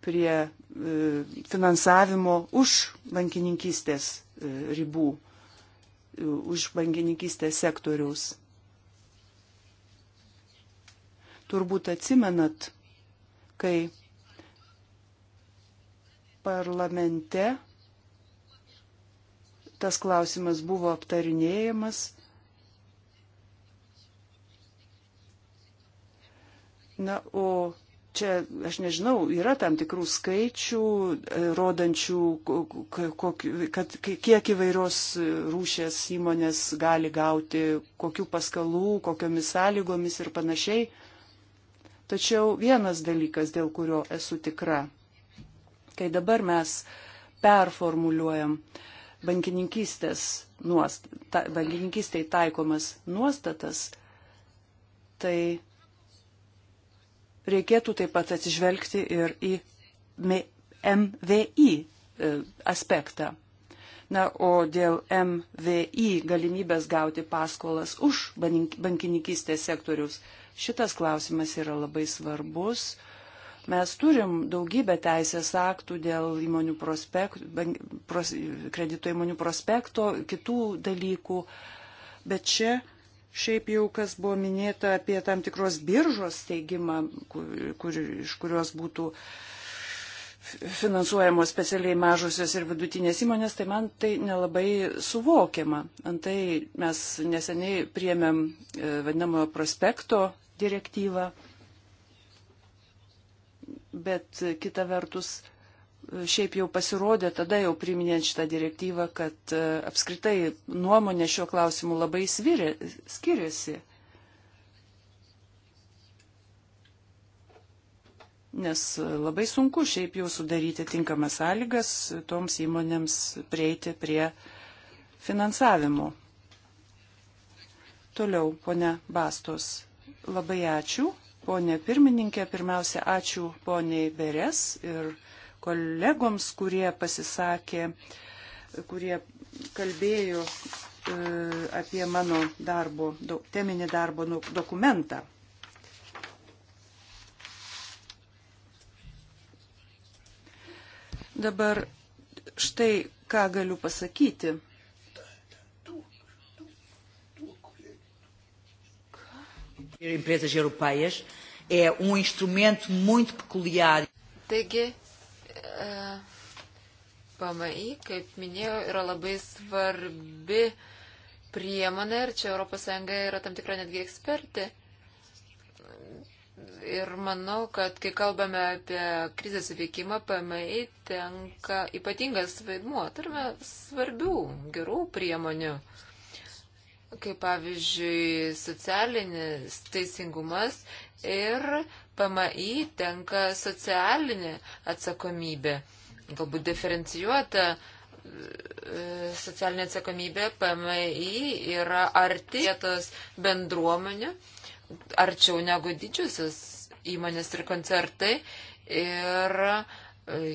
prie e, finansavimo už bankininkystės e, ribų, e, už bankininkystės sektoriaus. Turbūt atsimenat, kai parlamente tas klausimas buvo aptarinėjamas. Na, o čia, aš nežinau, yra tam tikrų skaičių, e, rodančių, kad kiek įvairios rūšės įmonės gali gauti, kokių paskalų, kokiomis sąlygomis ir panašiai. Tačiau vienas dalykas, dėl kurio esu tikra, kai dabar mes performuluojam bankininkystės nuost, ta, bankininkystėj taikomas nuostatas, tai reikėtų taip pat atsižvelgti ir į MVI e, aspektą. Na, o dėl MVI galimybės gauti paskolas už bankininkystės sektorius, šitas klausimas yra labai svarbus. Mes turim daugybę teisės aktų dėl įmonių prospektų, pros, kredito įmonių prospekto, kitų dalykų, bet čia Šiaip jau, kas buvo minėta apie tam tikros biržos steigimą, kur, kur, iš kurios būtų finansuojamos specialiai mažosios ir vidutinės įmonės, tai man tai nelabai suvokiama. Antai mes neseniai priemėm e, vadinamojo prospekto direktyvą, bet kita vertus šiaip jau pasirodė tada jau priminėjant šitą direktyvą, kad e, apskritai nuomonė šiuo klausimu labai svirė, skiriasi. Nes labai sunku šiaip jau sudaryti tinkamas sąlygas toms įmonėms prieiti prie finansavimo. Toliau, ponia Bastos, labai ačiū. Pone pirmininkė, pirmiausia, ačiū poniai Beres ir kolegoms, kurie pasisakė, kurie kalbėjo e, apie mano darbo, teminį darbo nu, dokumentą. Dabar štai ką galiu pasakyti. Empresas europeias é um instrumento muito peculiar. Taigi, E, PMI, kaip minėjau, yra labai svarbi priemonė ir čia ES yra tam tikra netgi ekspertė. Ir manau, kad kai kalbame apie krizės įveikimą, PMI tenka ypatingas vaidmuo. Turime svarbių, gerų priemonių kaip pavyzdžiui socialinis teisingumas ir PMI tenka socialinė atsakomybė, galbūt diferencijuota e, socialinė atsakomybė PMI yra arti vietos bendruomenių, arčiau negu didžiosios įmonės ir koncertai. Ir uh,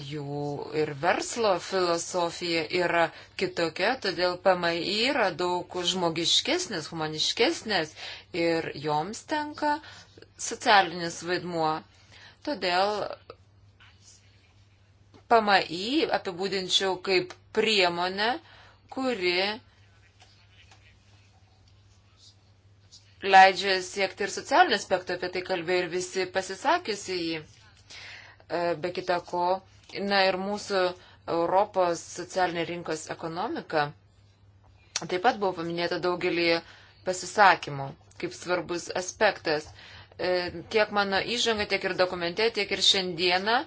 jų ir verslo filosofija yra kitokia, todėl PMI yra daug žmogiškesnės, humaniškesnės ir joms tenka socialinis vaidmuo. Todėl PMI apibūdinčiau kaip priemonę, kuri leidžia siekti ir socialinį aspektą, apie tai kalbėjo ir visi pasisakiusi jį. E, be kita ko, na ir mūsų Europos socialinė rinkos ekonomika taip pat buvo paminėta daugelį pasisakymų kaip svarbus aspektas. E, tiek mano įžanga, tiek ir dokumente, tiek ir šiandieną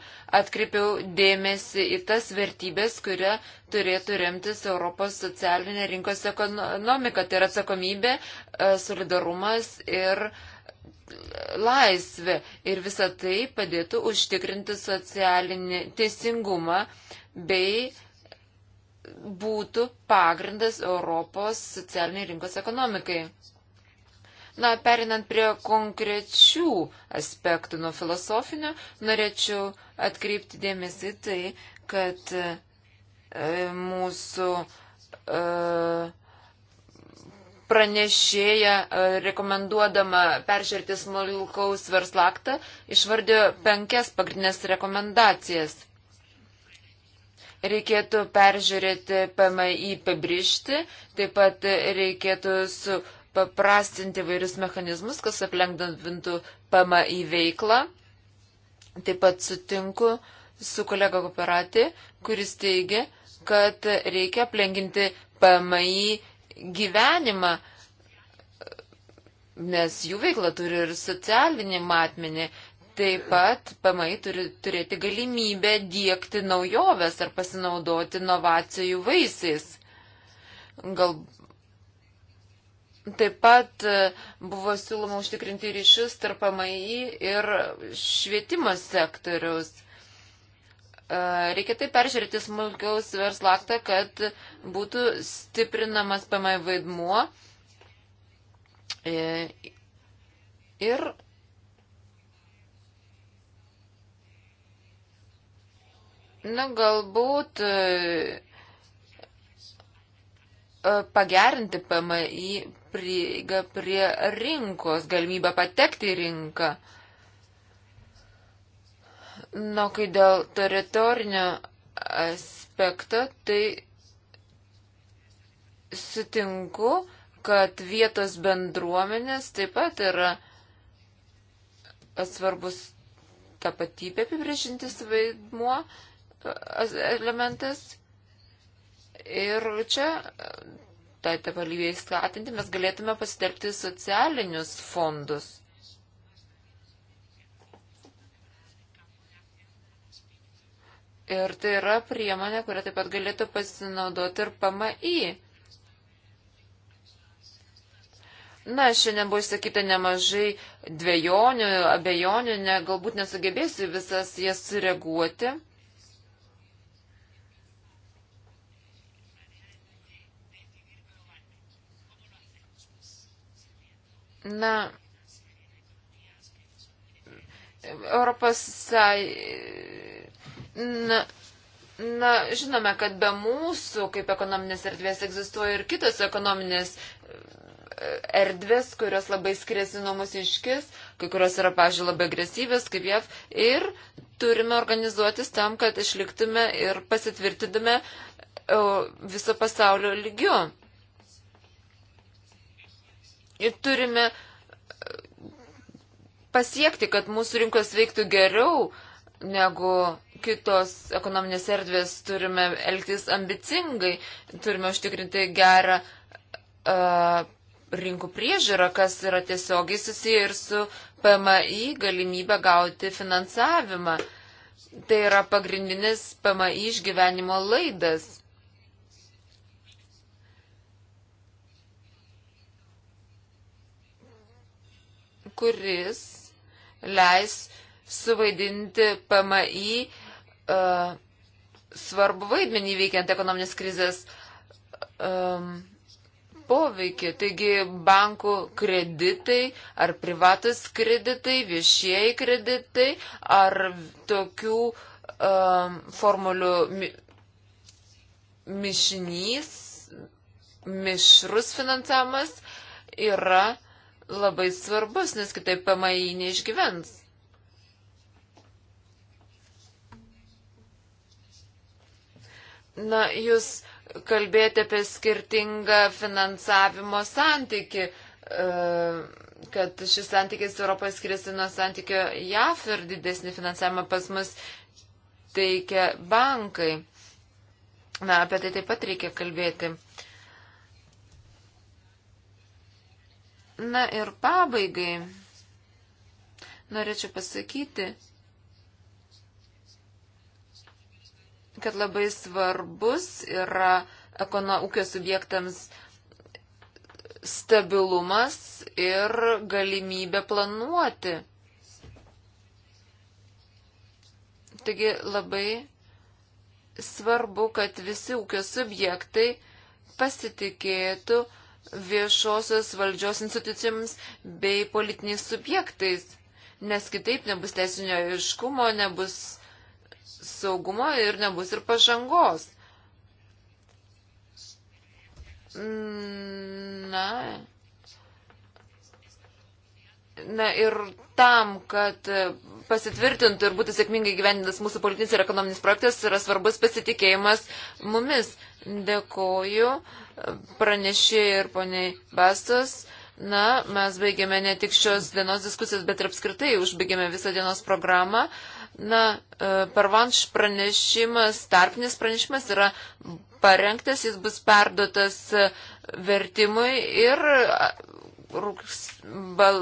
atkreipiau dėmesį į tas vertybės, kuria turėtų remtis Europos socialinė rinkos ekonomika. Tai yra atsakomybė, e, solidarumas ir uh, laisvė ir visa tai padėtų užtikrinti socialinį teisingumą bei būtų pagrindas Europos socialiniai rinkos ekonomikai. Na, perinant prie konkrečių aspektų nuo filosofinio, norėčiau atkreipti dėmesį tai, kad e, mūsų e, pranešėja e, rekomenduodama peržiūrėti smulkaus verslo aktą išvardė penkias pagrindinės rekomendacijas. Reikėtų peržiūrėti PMI pabrišti, taip pat reikėtų supaprastinti vairius mechanizmus, kas aplengdantų PMI veiklą. Taip pat sutinku su kolega Koperati, kuris teigia, kad reikia aplenginti PMI gyvenimą, nes jų veikla turi ir socialinį matmenį. Taip pat PMI turi turėti galimybę dėkti naujoves ar pasinaudoti inovacijų vaisiais. Gal... Taip pat e, buvo siūloma užtikrinti ryšius tarp PMI ir švietimo sektoriaus. E, reikia taip peržiūrėti smulkiaus verslo aktą, kad būtų stiprinamas PMI vaidmuo e, ir Na, galbūt e, pagerinti PMI prieigą prie rinkos, galimybę patekti į rinką. Uh, Na, kai dėl teritorinio aspekto, tai sutinku, kad vietos bendruomenės taip pat yra svarbus tapatybė apibrėžintis vaidmuo elementas. Ir čia, tai tapalybėje skatinti, mes galėtume pasitelkti socialinius fondus. Ir tai yra priemonė, kurią taip pat galėtų pasinaudoti ir PMI. Na, šiandien buvo išsakyta nemažai dviejonių, abejonių, ne, galbūt nesugebėsiu visas jas sureaguoti. Na, Europos Na, na, žinome, kad be mūsų kaip ekonominės erdvės egzistuoja ir kitos ekonominės e, erdvės, kurios labai skiriasi nuo mūsų iškis, kai kurios yra, pažiūrėjau, labai agresyvės, kaip jav, ir turime organizuotis tam, kad išliktume ir pasitvirtintume e, viso pasaulio lygiu. Ir turime e, pasiekti, kad mūsų rinkos veiktų geriau negu kitos ekonominės erdvės turime elgtis ambicingai, turime užtikrinti gerą uh, rinkų priežiūrą, kas yra tiesiogiai susiję ir su PMI galimybę gauti finansavimą. Tai yra pagrindinis PMI išgyvenimo laidas. kuris leis suvaidinti PMI uh, svarbu vaidmenį veikiant ekonominės krizės um, poveikį. Taigi bankų kreditai ar privatus kreditai, viešieji kreditai ar tokių um, formulių mi mišinys, mišrus finansavimas yra labai svarbus, nes kitaip PMI neišgyvens. Na, jūs kalbėjote apie skirtingą finansavimo santyki, e, kad šis santykis Europoje skiriasi nuo santykio JAF ir didesnį finansavimą pas mus teikia bankai. Na, apie tai taip pat reikia kalbėti. Na ir pabaigai norėčiau pasakyti, kad labai svarbus yra ekono, ūkio subjektams stabilumas ir galimybė planuoti. Taigi labai svarbu, kad visi ūkio subjektai pasitikėtų viešosios valdžios institucijoms bei politiniais subjektais, nes kitaip nebus teisinio aiškumo, nebus saugumo ir nebus ir pažangos. Na. Na ir tam, kad pasitvirtintų ir būtų sėkmingai gyvendintas mūsų politinis ir ekonominis projektas, yra svarbus pasitikėjimas mumis. Dėkoju pranešėjai ir poniai Bastos. Na, mes baigėme ne tik šios dienos diskusijos, bet ir apskritai užbaigėme visą dienos programą. Na, e, pervanš pranešimas, tarpinis pranešimas yra parengtas, jis bus perduotas e, vertimui ir rūks, bal,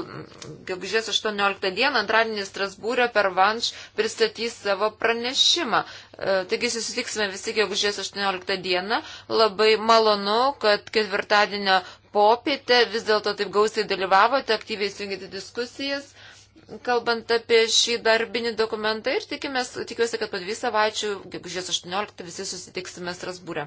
gegužės 18 dieną antradienį Strasbūrė per Vanš pristatys savo pranešimą. E, taigi susitiksime visi gegužės 18 dieną. Labai malonu, kad ketvirtadienio popietę vis dėlto taip gausiai dalyvavote, aktyviai įsijungėte diskusijas kalbant apie šį darbinį dokumentą ir tikimės, tikiuosi, kad po dvi savaičių, gegužės 18, visi susitiksime Strasbūrė.